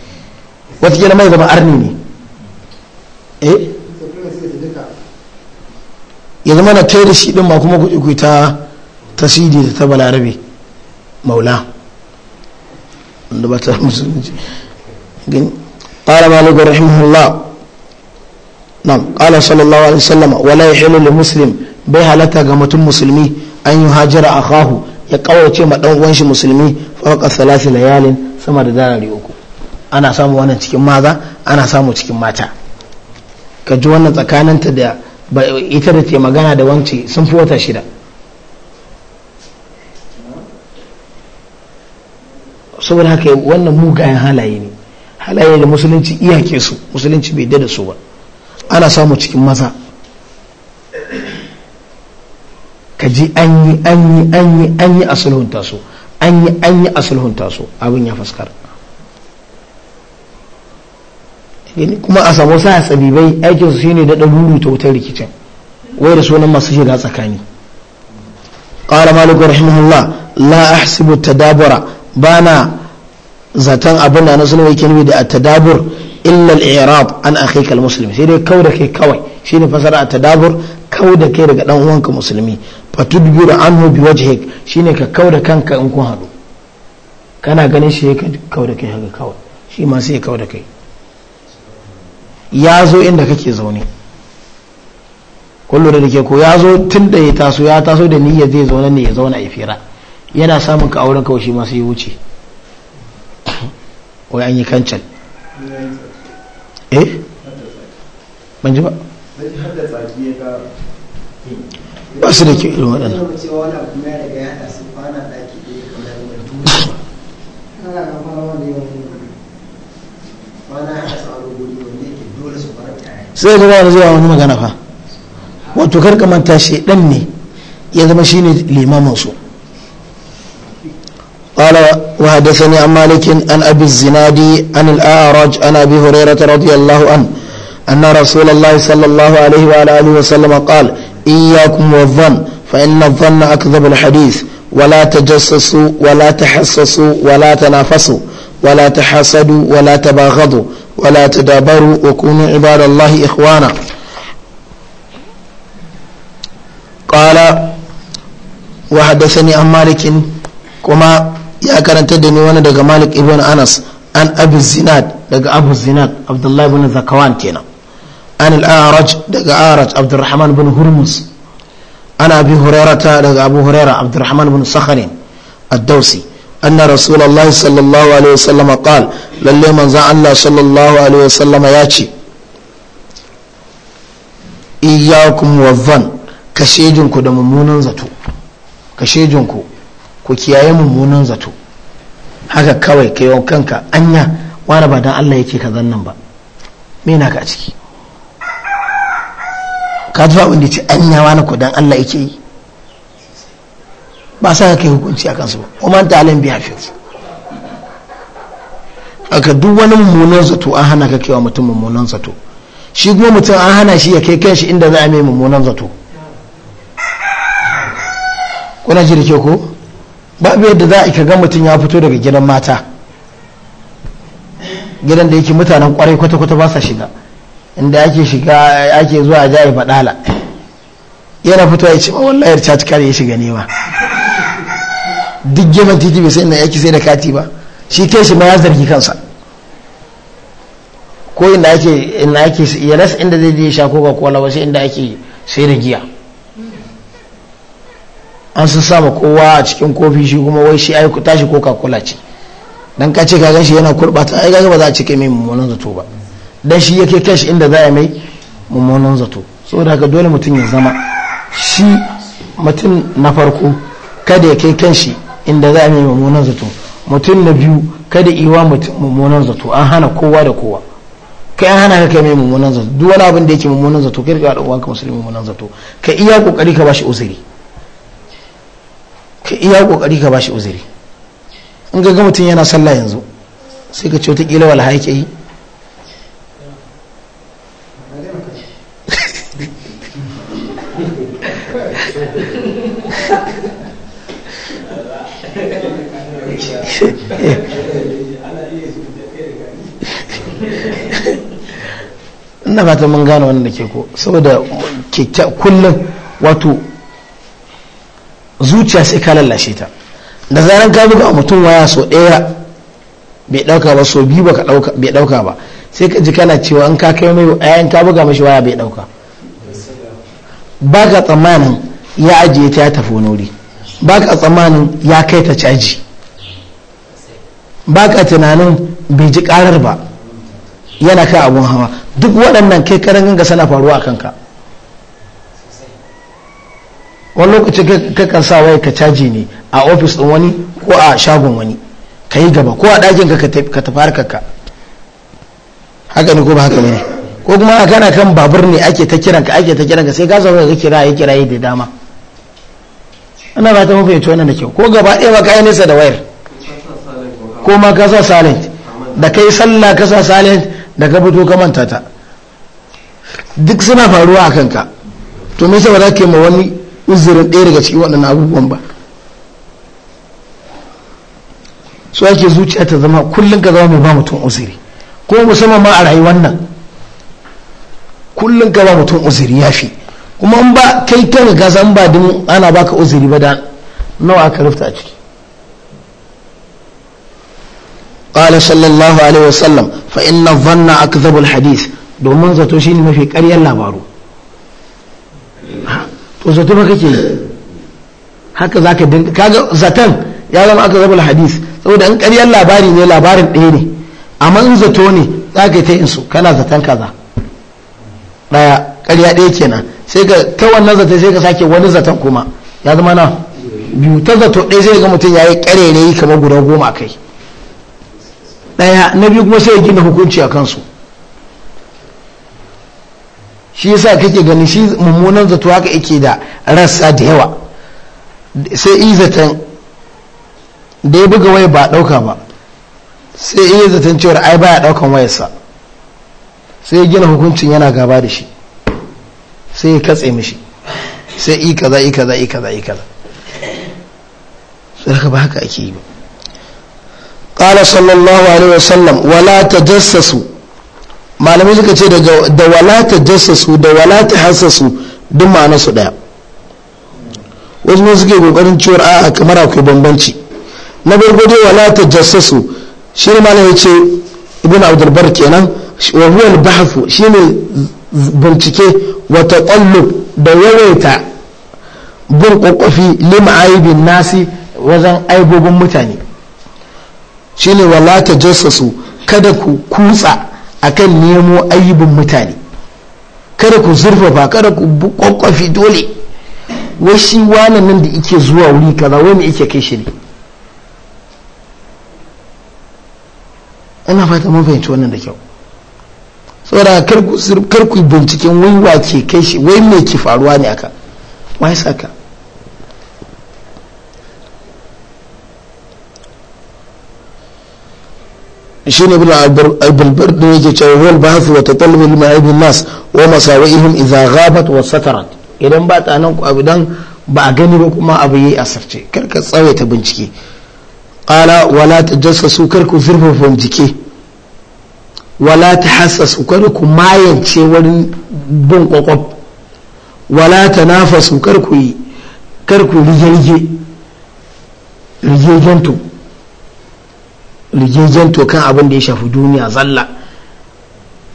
wata mai zama arni ne Eh? ya zama na kai shi din ma kuma ku ta tasidi da ta balarabe maula wanda ba ta musulunci gani qala malik rahimahullah nam ƙala sallallahu alaihi wasallam wala yahilu lil muslim bai halatta ga mutum musulmi an yi a kahu ya kawace ma dan uwan shi musulmi fawqa salasi layalin sama da yi uku ana samu wannan cikin maza ana samu cikin mata ka ji wannan tsakaninta da ita da ke magana da wance sun fi wata shida saboda haka wannan mugayen halaye ne halaye da musulunci iyake su musulunci bai dada su ba ana samu cikin maza ka ji an yi an yi an yi an yi a sulhunta su an yi an yi a sulhunta su abin ya fuskara kuma a samu sa tsabibai aikin su shine da ɗaruru ta wutar rikicin wai da sunan masu shiga tsakani qala malik rahimahullah la ahsibu tadabura bana zaton abin da na sunan yake nufi da tadabur illal al-i'rab an akhika al musulmi sai dai da kai kawai shine fasara a tadabur da kai daga dan uwanka musulmi fatudbiru anhu biwajhik shine ka da kanka in kun hadu kana ganin shi ka da kai haka kawai shi ma sai ya kai ya zo inda kake zaune kullum da ke ko ya zo tun da ya taso ya taso da niyyar zai zaune ne ya zauna ya fira yana samun ka auren kawai shi ma sai wuce <coughs> wai an yi kancan eh ban ji ba ba su da ke irin waɗannan wani sai ga zuwa wani magana fa wato karka manta shaidan ne ya zama shine limamin su قال وحدثني عن مالك عن ابي الزناد عن الاعرج عن ابي هريره رضي الله عنه ان رسول الله صلى الله عليه وعلى اله وسلم قال اياكم والظن فان الظن اكذب الحديث ولا تجسسوا ولا تحسسوا ولا تنافسوا ولا تحاسدوا ولا تباغضوا ولا تدابروا وكونوا عباد الله إخوانا قال وحدثني عن مالك كما يا كرنت دني وانا دغ مالك ابن انس عن ابي الزناد دغ ابو الزناد عبد الله بن زكوان كنا عن الاعرج دغ اعرج عبد الرحمن بن هرمز عن ابي هريره دغ ابو هريره عبد الرحمن بن صخر الدوسي أن رسول الله صلى الله عليه وسلم قال للي من الله صلى الله عليه وسلم ياتي iyakun wavan kashejinku da mummunan zato kashejinku ku kiyaye mummunan zato haka kawai ka yi kanka anya wani ba don Allah yake ka zannan ba mena ka a ciki ka ji abin da ce anya wani ku don Allah yake yi ba sa kai hukunci akan su ba kuma ta biya fi aka duk wani mummunan zato an hana ka kewa mutum mummunan zato shi kuma mutum an hana shi ya kai kanshi inda za a mai mummunan zato kuna ji da ke ko babu yadda za a ka ga mutum ya fito daga gidan mata gidan da yake mutanen kwarai kwata-kwata ba sa shiga inda ake shiga ake zuwa jaye fadala yana fito ya ce ma oh, wallahi ya ci kare ya shiga nema duk geman titi bai sai na yaki sai da kati ba shi kai shi ma ya zargi kansa ko inda ake inda ake ya rasa inda zai je sha coca kola ba inda ake sai da giya an sun sama kowa a cikin kofi shi kuma wai shi ai tashi koka kola ce dan ka ce kaga shi yana kurbata ai kaga ba za a cike mai mummunan zato ba dan shi yake kashi inda za a mai mummunan zato saboda haka dole mutum ya zama shi mutum na farko kada ya kai kanshi inda za a yi mummunan zato mutum na biyu kada iwa mummunan zato an hana kowa da kowa kai an hana ka kai mai mummunan zato duk wani abin da yake mummunan zato kai ka ɗan uwanka musulmi mummunan zato ka iya kokari ka bashi uzuri ka iya kokari ka bashi uzuri in ga mutum yana sallah yanzu sai ka ce wata kila wala haike ina fata mun gane wannan da ke ko saboda kullum wato zuciya sai ka lallashe ta da zaran ka buga mutum waya so ɗaya bai ɗauka ba so biyu bai ɗauka ba sai ka ji kana cewa in ka kai mai ayan eh, ka buga mashi waya bai ɗauka ba ka tsammanin ya ajiye ta ya tafi wuri ba ka tsammanin ya kai ta caji ba ka tunanin bai ji karar ba yana ka abun hawa duk waɗannan kai karan ganga sana faruwa a kanka wani lokaci kakan sa wai ka caji ne a ofis ɗin wani ko a shagon wani ka yi gaba ko a ɗakin ka tafi harkarka haka ne ko ba haka ne ko kuma kana kan babur ne ake ta kiranka ake ta kiranka sai ka zaune ka kira ya kira da dama ana ba ta mafi wannan da kyau ko gaba ɗaya ba ka yi nesa da wayar ko ma ka sa silent da kai sallah ka sa silent da ka fito ka manta ta duk suna faruwa a kanka to me saboda ke ma wani uzurin ɗaya daga cikin waɗannan abubuwan ba so ake zuciya ta zama kullum ka zama mai ba mutum uzuri ko musamman ma a rayuwar nan kullum ka ba mutum uzuri ya fi kuma in ba kai ta gasa in ba din ana baka uzuri ba da nawa aka rufta a ciki قال صلى الله عليه وسلم فإن الظن أكذب الحديث domin zato shi ne mafi ƙaryar labaru to zato ba kake haka za ka kaga zaton ya zama aka zaba hadis saboda in ƙaryar labari ne labarin ɗaya ne amma in zato ne za ka ta insu kana zaton kaza ɗaya ƙarya ɗaya kenan sai ka ta wannan zaton sai ka sake wani zaton kuma ya zama na biyu ta zato ɗaya sai ga mutum ya yi ƙarere kamar guda goma kai ɗaya na biyu kuma sai ya gina hukunci a kansu shi yasa kake gani shi mummunan zato haka yake da rassa da yawa sai izatan da ya buga waya ba a ɗauka ba sai iya zaton cewar ai baya ɗaukan wayarsa sai ya gina hukuncin yana gaba da shi sai ya katse mishi sai i kaza i kaza i kaza i kaza sai haka ba haka ake yi ba ƙala sallallahu alaihi sallam wala ta jassasu malamai suka ce da wala ta jassasu da wala ta hassasu duk ma'ana su ɗaya wasu ne suke ƙoƙarin cewar a'a kamar akwai bambanci na farko dai wala ta jassasu shi ne malami ya ce ibn abdulbar kenan wa huwa al-bahfu shine bincike wa taqallub da yawaita bin kwakwafi lima nasi wajen aibobin mutane shine wala ta jassasu kada ku kutsa akan nemo ayyubin mutane kada ku zurfafa kada ku kwakwafi dole wai shi wannan nan da ike zuwa wuri kaza wani ike kai shi ne ina fata mun fahimci wannan da kyau saboda kar ku binciken wai wa ke kai shi wai me ke faruwa ne aka wai saka shi ne bila albalbar da yake cewa wal bahth wa tatallu ma'ibin nas wa masawihim wa satarat idan ba tsanan ku abu dan ba a gani ba kuma abu yayi asarce kar ka tsawaita bincike qala wala tajassasu kar ku zurfafa bincike wala tahassasu kar ku mayance wani bin kwakwab wala tanafasu kar ku yi kar ku rige rige rigegentu rigigen to kan abin da ya shafi duniya zalla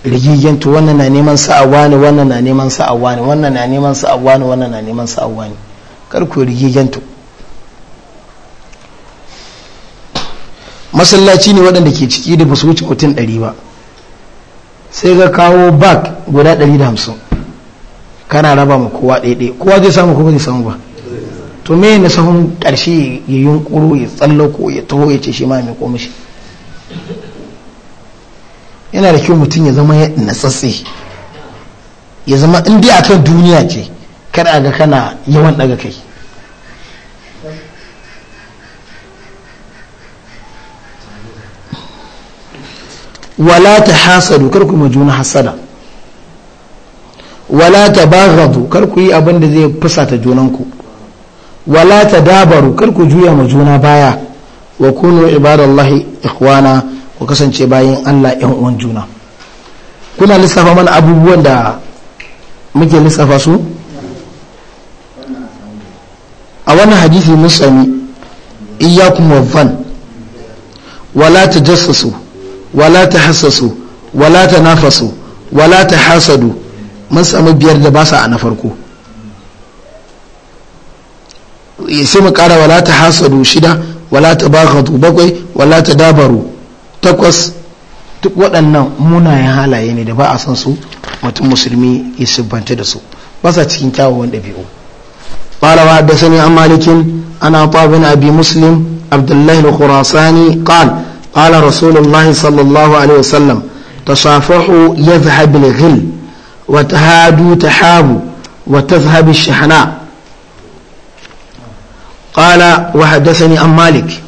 rigigen to wannan na neman sa'awa ne wannan na neman sa'awa ne wannan na neman sa'awa ne wannan na neman sa'awa ne kar ku to masallaci ne waɗanda ke ciki da ba su wuce mutum ɗari ba sai ga kawo bak guda ɗari da hamsin kana raba ma kowa ɗaiɗai kowa zai samu ko zai samu ba to me na sahun ƙarshe ya yunkuro ya tsallako ya taho ya ce shi ma mai komishi yana da kyau mutum ya zama tsatse ya zama in dai akan duniya ce kar a ga kana yawan daga kai wala ta hasadu kar ku majuna hasada wala ta baghadu kar ku yi abinda da zai fusata junanku wala ta dabaru kar juya ma juna baya wa kunu ibadallahi ikhwana ku kasance bayan Allah yan uwan juna kuna lissafa mana abubuwan da muke lissafa su a wannan hadisi mun sami iyyakum van wala tajassasu wala hassasu wala tanafasu wala tahasadu mun sami biyar da ba sa a na farko sai mu kara wala tahasadu shida wala baka bakwai wala dabaru. takwas duk waɗannan munayen halaye ne da ba a san su mutum musulmi ya siffanci da su basa cikin kyawawan ɗabi'u ɓarawa da sani a malikin ana tabin abi muslim abdullahi al-khurasani qal qala rasulullah sallallahu alaihi wasallam tasafahu yadhhab al-ghil wa tahadu tahabu wa tadhhab ash-shahna qala wa hadathani am malik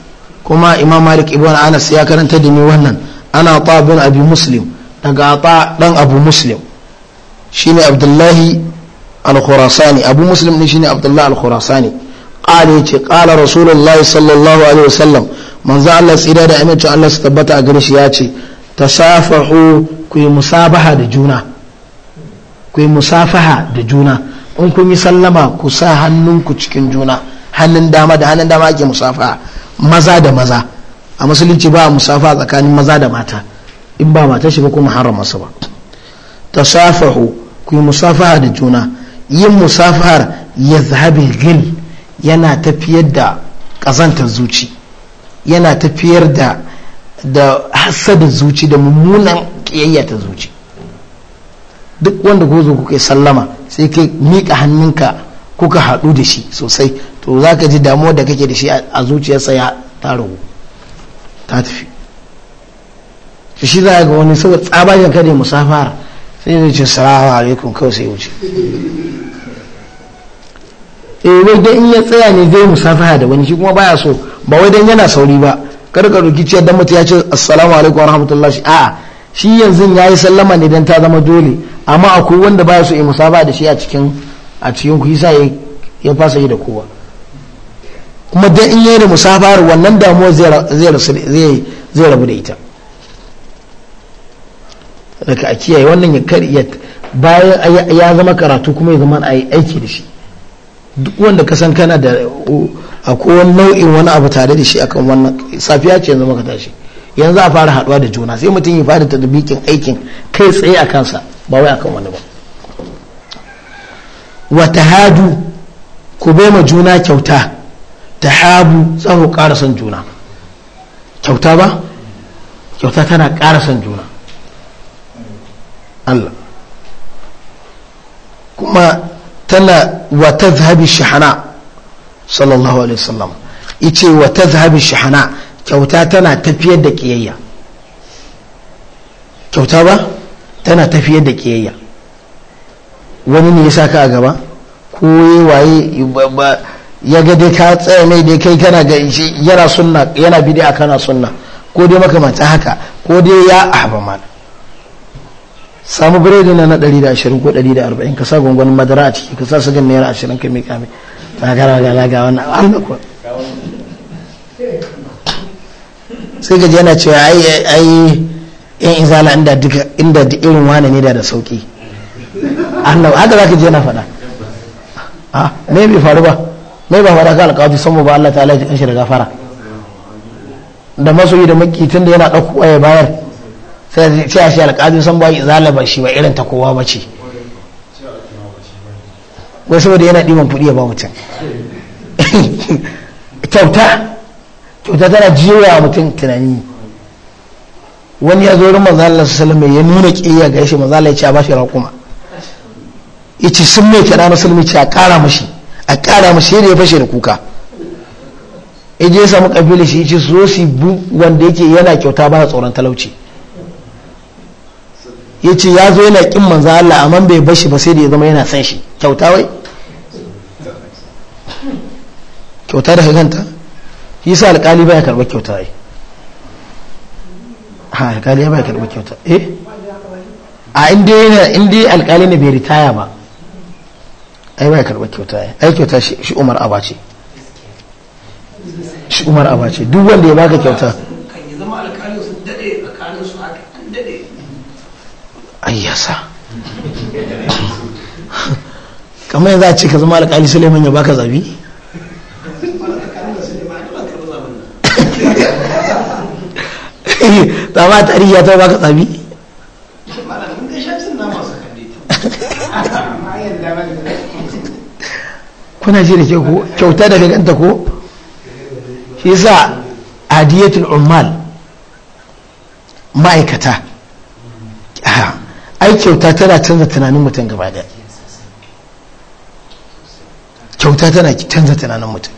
kuma imam malik ibn anas ya karanta da ni wannan ana ta bin abi muslim daga ta dan abu muslim shine abdullahi al-khurasani abu muslim ne shine abdullahi al-khurasani qala ce qala rasulullahi sallallahu alaihi wasallam manzo Allah tsira da aminci Allah su tabbata a gare shi ya ce tasafahu ku yi musabaha da juna ku yi musafaha da juna in kun yi sallama ku sa hannunku cikin juna hannun dama da hannun dama ake musafaha maza da maza a musulunci ba musafa tsakanin maza da mata in ba mata shi ba kuma haram su ba ta safahu ku yi musafaha da juna yin musafahar ya zahabin gil yana tafiyar da ƙazantar zuci yana tafiyar da da hasadin zuci da mummunan ƙiyayyata ta zuci duk wanda ku zo kuka sallama sai kai miƙa hannunka kuka haɗu da shi sosai to za ka ji damuwa da kake da shi a zuciyarsa ya ta ragu ta tafi shi za ga wani saboda tsabagen kare musafar sai zai ce salamu alaikum kawai sai wuce eh wai dan in ya tsaya ne zai musafaha da wani shi kuma baya so ba wai dan yana sauri ba kar ka roki ciyar dan mutum ya ce assalamu alaikum shi a'a shi yanzu ya yi sallama ne dan ta zama dole amma akwai wanda baya so ya musafaha da shi a cikin a cikin ku ya fasa yi da kowa kuma dai in yi da musafar wannan damuwar zai rabu da ita daga a kiyaye wannan ya kariya bayan ya zama karatu kuma ya zama a yi aiki da shi duk wanda ka kana da a wani nau'in wani abu tare da shi akan wannan safiya ce yanzu maka tashi yanzu a fara haduwa da juna sai mutum ya fara tadbikin aikin kai tsaye a kansa ba wai akan wani ba wata hadu ku bai ma juna kyauta tahabu za ku ƙara son juna kyauta ba kyauta tana ƙara son juna Allah kuma tana wata ta zahabi shahana sallallahu alaihi wasallam ice wa ta zahabi shahana kyauta tana tafiyar da kiyayya kyauta ba tana tafiyar da kiyayya wani ne ya sa ka a gaba ko waye ba ya ga dai ka tsaya mai dai kai kana ga shi yana sunna yana bid'a kana sunna ko dai makamanta haka ko dai ya ahba mana samu biredi na na 120 ko 140 ka sa gwangwanin madara a ciki ka sa sugan naira 20 ka mai kame ta gara ga laga wannan an da sai gaji yana cewa ai ai yan izala inda duka inda duk irin wani ne da da sauki Allah haka zaka je na faɗa ah me bai faru ba mai ba fara ka alƙawfi san ba Allah ta'ala ya kanshi da gafara da masoyi da maki tun da yana ɗauko ya bayar sai ce a shi alƙawfi san ba izala ba shi ba irin ta kowa ba ce wai saboda yana ɗiman kuɗi ya ba mutum <laughs> kyauta kyauta tana jiyoya mutum tunani wani ya zo wurin manzo Allah ya nuna kiyaya ga shi manzo ya ce a ba rakuma raƙuma yace sun mai kira musulmi ce a ƙara mashi a kara mashi da ya fashe da kuka ije ya samu kabila shi ce so si bu wanda yake yana kyauta ba tsoron talauci ya ce ya zo yana kin manzo Allah amma bai bashi ba sai da ya zama yana san shi kyauta wai kyauta da haganta shi sa alƙali baya karɓar kyauta wai ha alƙali baya karɓar kyauta eh a inda yana inda alƙali ne bai ritaya ba ai bai karɓar kyauta ya ai kyauta shi umar aba ce shi umar aba ce duk wanda ya baka kyauta an yasa kamar yanzu a ce ka zama alƙali suleiman ya baka zabi <laughs> eh, ta ba tarihi ya ta baka zabi kuna ji da ke ko kyauta daga ganta ko shi yasa hadiyatul ummal ma'aikata ai kyauta tana canza tunanin mutum gaba daya kyauta tana canza tunanin mutum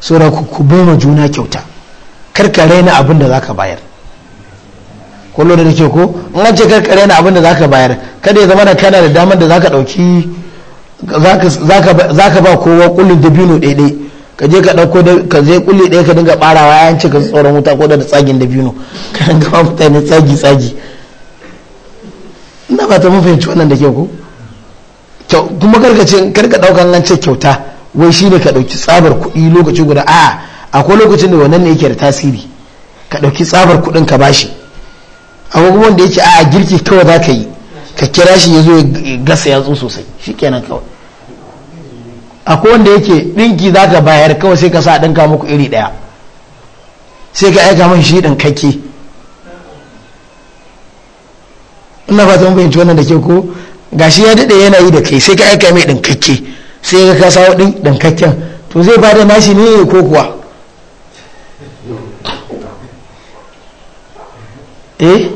saura ku boma juna kyauta karka raina abin da zaka bayar kullum da ke ko in an ce karka raina abin da zaka bayar kada ya zama da kana da damar da zaka dauki za ka ba kowa kullin dabino ɗaiɗai ka je ka ɗauko ka je kulli ɗaya ka dinga ɓarawa ya ce ka tsoron wuta ko da tsagin dabino ka dinga ba mutane tsagi tsagi ina ba ta mun fahimci wannan da ke ko kuma karkace karka ɗaukan nan ce kyauta wai shi ne ka ɗauki tsabar kuɗi lokaci guda a akwai lokacin da wannan ne yake da tasiri ka ɗauki tsabar kuɗin ka bashi akwai kuma wanda yake a girki kawai za ka yi ka kira shi ya zo ya gasa yatsu sosai kenan kawai akwai wanda yake ɗinki za ka bayar kawai sai ka sa dinka muku iri ɗaya sai ka aika min shi ɗin kake ina fata mun fahimci wannan da ke ko gashi ya dade yana yi da kai sai ka aika mai ɗin kake sai ka kasa ɗin ɗin kakken to zai bada nashi ne ko kuwa eh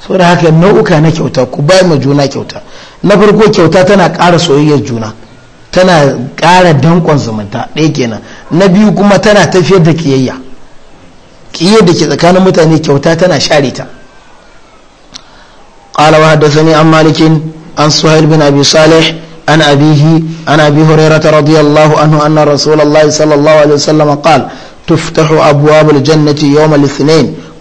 saboda haka nau'uka na kyauta ku bai ma juna kyauta na farko kyauta tana ƙara soyayyar juna tana ƙara dankon zumunta ɗaya kenan na biyu kuma tana tafiyar da ƙiyayya ƙiyayya da ke tsakanin mutane kyauta tana share ta ƙala haddasa ne an malikin an suhail bin abi salih an abihi an abi huraira ta radiyallahu anhu an na rasulallah sallallahu alaihi wasallam qal tuftahu abwabul jannati yawm al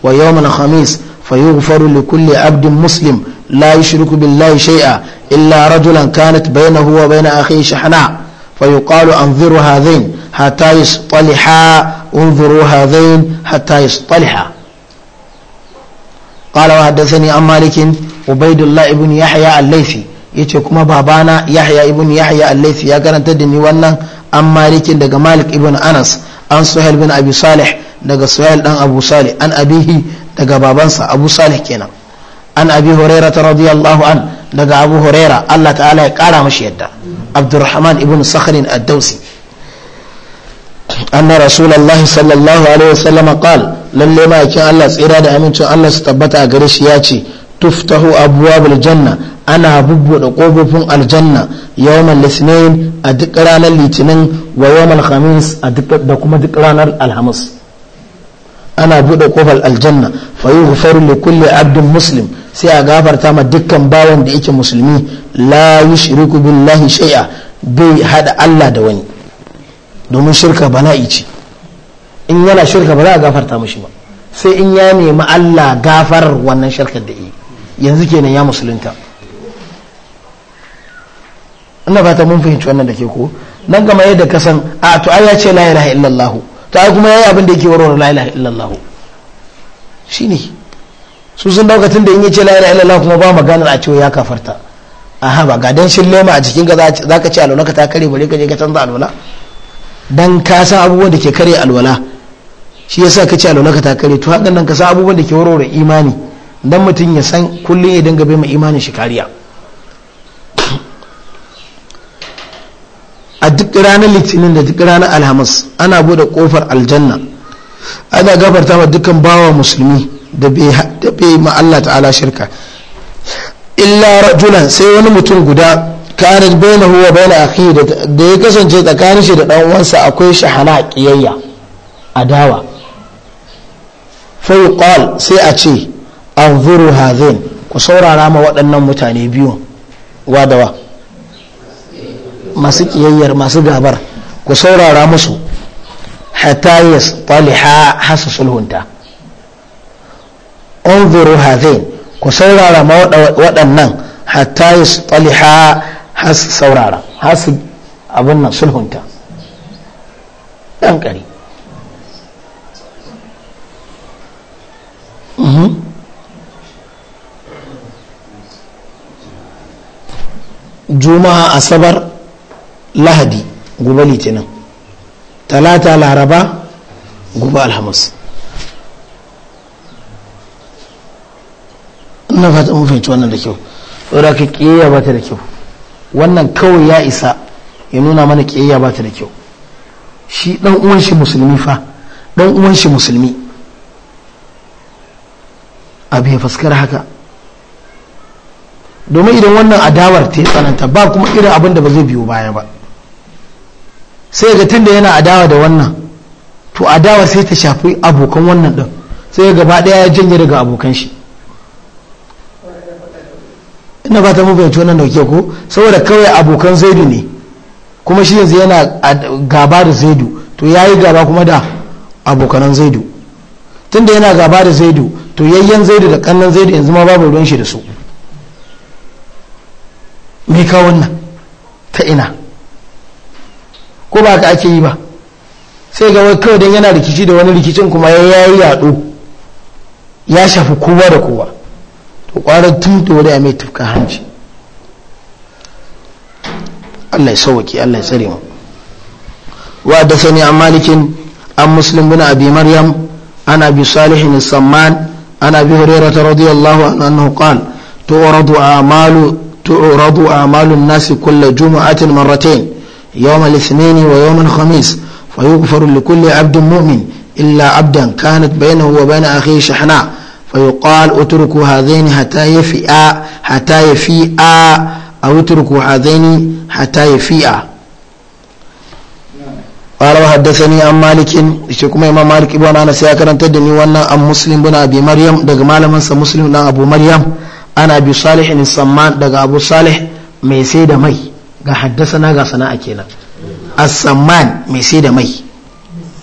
wa yawm al-khamis fayughfaru li kulli abdin muslim la yushriku billahi shai'a. إلا رجلا كانت بينه وبين أخيه شحناء فيقال أنظروا هذين حتى يصطلحا انظروا هذين حتى يصطلحا قال وحدثني عن مالك عبيد الله ابن يحيى الليثي yace kuma babana yahya ibn yahya al-laythi ya karanta da ni wannan an malikin daga malik ibn anas an suhail bin abi salih daga suhail dan abu salih an abihi daga babansa abu salih kenan an abi hurairah radiyallahu an daga abu huraira allah ta'ala ya kara mashi yadda abdurrahman ibn sakharin ad dawsi. anna rasulullahi sallallahu alaihi wasallam qal lalle ma yakin allah tsira da amincin allah su tabbata a gare shi ya ce tuftahu abwabul janna ana bubbuɗe kofofin aljanna yawmal lisnain a duk ranar litinin wa yawmal khamis a duk da kuma duk ranar alhamis ana buɗe kofar aljanna fa faru li kulli abdin muslim sai a gafarta ma dukkan bawan da yake musulmi la yushriku billahi shay'a bai hada Allah da wani domin shirka bala'i ce in yana shirka ba za a gafarta mishi ba sai in ya nemi Allah gafar wannan shirkar da yi yanzu kenan ya musulunta ina fata mun fahimci wannan da ke ko nan gama yadda ka san a to ai ya ce la ilaha illallah ta kuma yayi abin da yake warware la ilaha illallah shine su sun dauka tun da in yace la ilaha illallah kuma ba maganar a cewa ya kafarta aha ba ga dan shin lema a cikin ka zaka ce alwala ka ta kare bare ka je ka canza alwala dan ka san abubuwan da ke kare alwala shi yasa ka ce alwala ka ta kare to hakan nan ka san abubuwan da ke warware imani dan mutum ya san kullum ya dinga bai ma imanin shi kariya a duk ranar litinin da duk ranar alhamis ana bude kofar aljanna ana gafarta ma dukkan bawa musulmi da bai ma Allah ta'ala shirka illa rajulan sai wani mutum guda kanat baina huwa baina akhi da ya kasance tsakanin shi da dan uwansa akwai shahana kiyayya adawa fa yuqal sai a ce anzuru hadhin ku saurara ma waɗannan mutane biyu wadawa masu kiyayyar masu gabar ku saurara musu hatta yastaliha hasu sulhunta unzuru ku saurara waɗannan hatta yastaliha hasu saurara hasu abin nan sulhunta mhm. juma'a asabar lahadi guba litinin talata laraba guba alhamis ina fata mun fahimci wannan da kyau saboda ka ƙiyayya ba ta da kyau wannan kawai ya isa ya nuna mana ƙiyayya ba ta da kyau shi dan uwan shi musulmi fa dan uwan shi musulmi abu ya fuskar haka domin idan wannan adawar ta yi tsananta ba kuma irin abin da ba zai biyo baya ba sai ga tunda yana adawa da wannan to adawa sai ta shafi abokan wannan din sai gaba daya ya janye daga abokan shi ina ba ta mafi wannan dauke ko saboda kawai abokan zaidu ne kuma shi yanzu yana gaba da zaidu to ya yi gaba kuma da abokanan zaidu tunda yana gaba da zaidu to yayyan zaidu da kannan zaidu yanzu ma babu ruwan shi da su me ka wannan ta ina ko ba ka ake yi ba sai ga wai kawai don yana rikici da wani rikicin kuma ya yi yaɗo ya shafi kowa da kowa to ƙwarar tun da wani mai tufka hanci Allah ya sauwaki Allah ya tsare mu wa da sani a malikin an muslim bin abi maryam an abi salihin samman an abi ta radiyallahu anhu qala تعرض أعمال تعرض أعمال الناس كل جمعة مرتين يوم الاثنين ويوم الخميس فيغفر لكل عبد مؤمن إلا عبدا كانت بينه وبين أخيه شحناء فيقال اتركوا هذين حتى يفيئا حتى يفيئا أو اتركوا هذين حتى يفيئا قال وحدثني عن مالك شكما امام مالك ابن انس يا كرنت دني وانا ام مسلم بن ابي مريم daga malamin sa muslim dan abu maryam ana bi salih ibn samman daga abu salih mai sai da mai ga na ga sana'a kenan as-samman mai sai da mai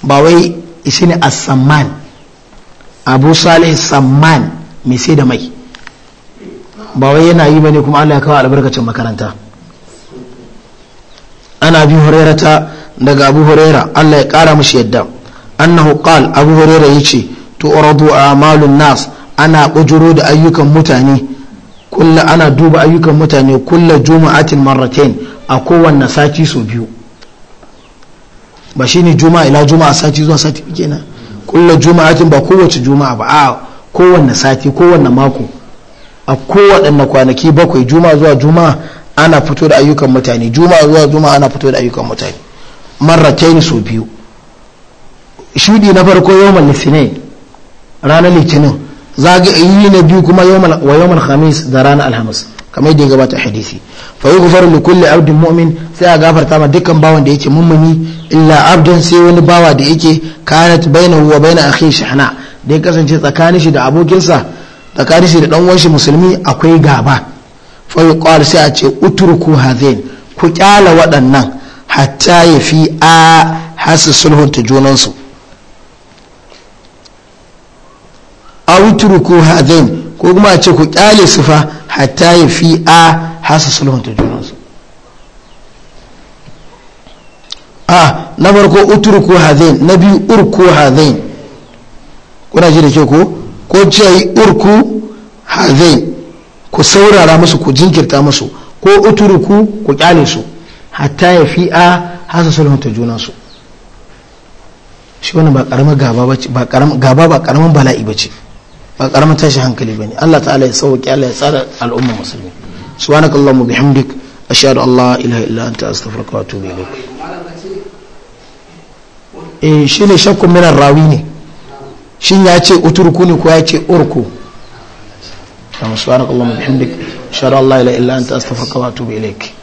ba wai shine as-samman abu salih samman mai sai da mai ba wai yana yi bane kuma Allah ya kawo albarkacin makaranta ana bi ta daga abu huraira Allah ya kara mishi yadda annahu qal abu huraira yace tu'radu a'malun nas ana bujuro da ayyukan mutane kulla ana duba ayyukan mutane kulla juma'atin marratain a kowanne sati so biyu ba shine juma'a ila juma'a sati zuwa sati kenan kulla juma'atin ba kowace juma'a ba a kowanne sati kowanne mako a kowaɗanne kwanaki bakwai juma'a zuwa juma'a ana fito da ayyukan mutane juma'a zuwa juma'a ana fito da ayyukan mutane marratain so biyu shudi na farko yau litinin ranar litinin zaga yi na biyu kuma wa yawmal khamis da ranar alhamis kamar da ya gabata hadisi fa yi gufar li kulli abdin mu'min sai a gafarta ma dukkan bawan da yake mummuni illa abdin sai wani bawa da yake kanat baina wa a kai shahana da ya kasance tsakanin shi da abokinsa tsakanin shi da dan uwan musulmi akwai gaba fa kwal sai a ce utruku hazain ku kyala waɗannan hatta yafi a hasu sulhunta junansu awutruku hadain ko kuma a ce ku kyale su fa hatta ya fi a hasa sulhun ta junansu a na farko uturku hadain na biyu urku hadain kuna ji da ke ko ko ce yi urku hadain ku saurara musu ku jinkirta musu ko uturuku ku kyale su hatta ya fi a hasa sulhun ta junansu shi wani ba karamar gaba ba gaba ba karamin bala'i ba ce ba karamin tashi hankali bane Allah ta'ala ya sauke Allah ya tsara al'umma musulmi subhanakallahumma bihamdik ashhadu an la ilaha illa anta astaghfiruka wa atubu ilaik eh shine shakkun minar rawi ne shin ya ce uturku ne ko ya ce urku subhanakallahumma bihamdik ashhadu an la ilaha illa anta astaghfiruka wa atubu ilaik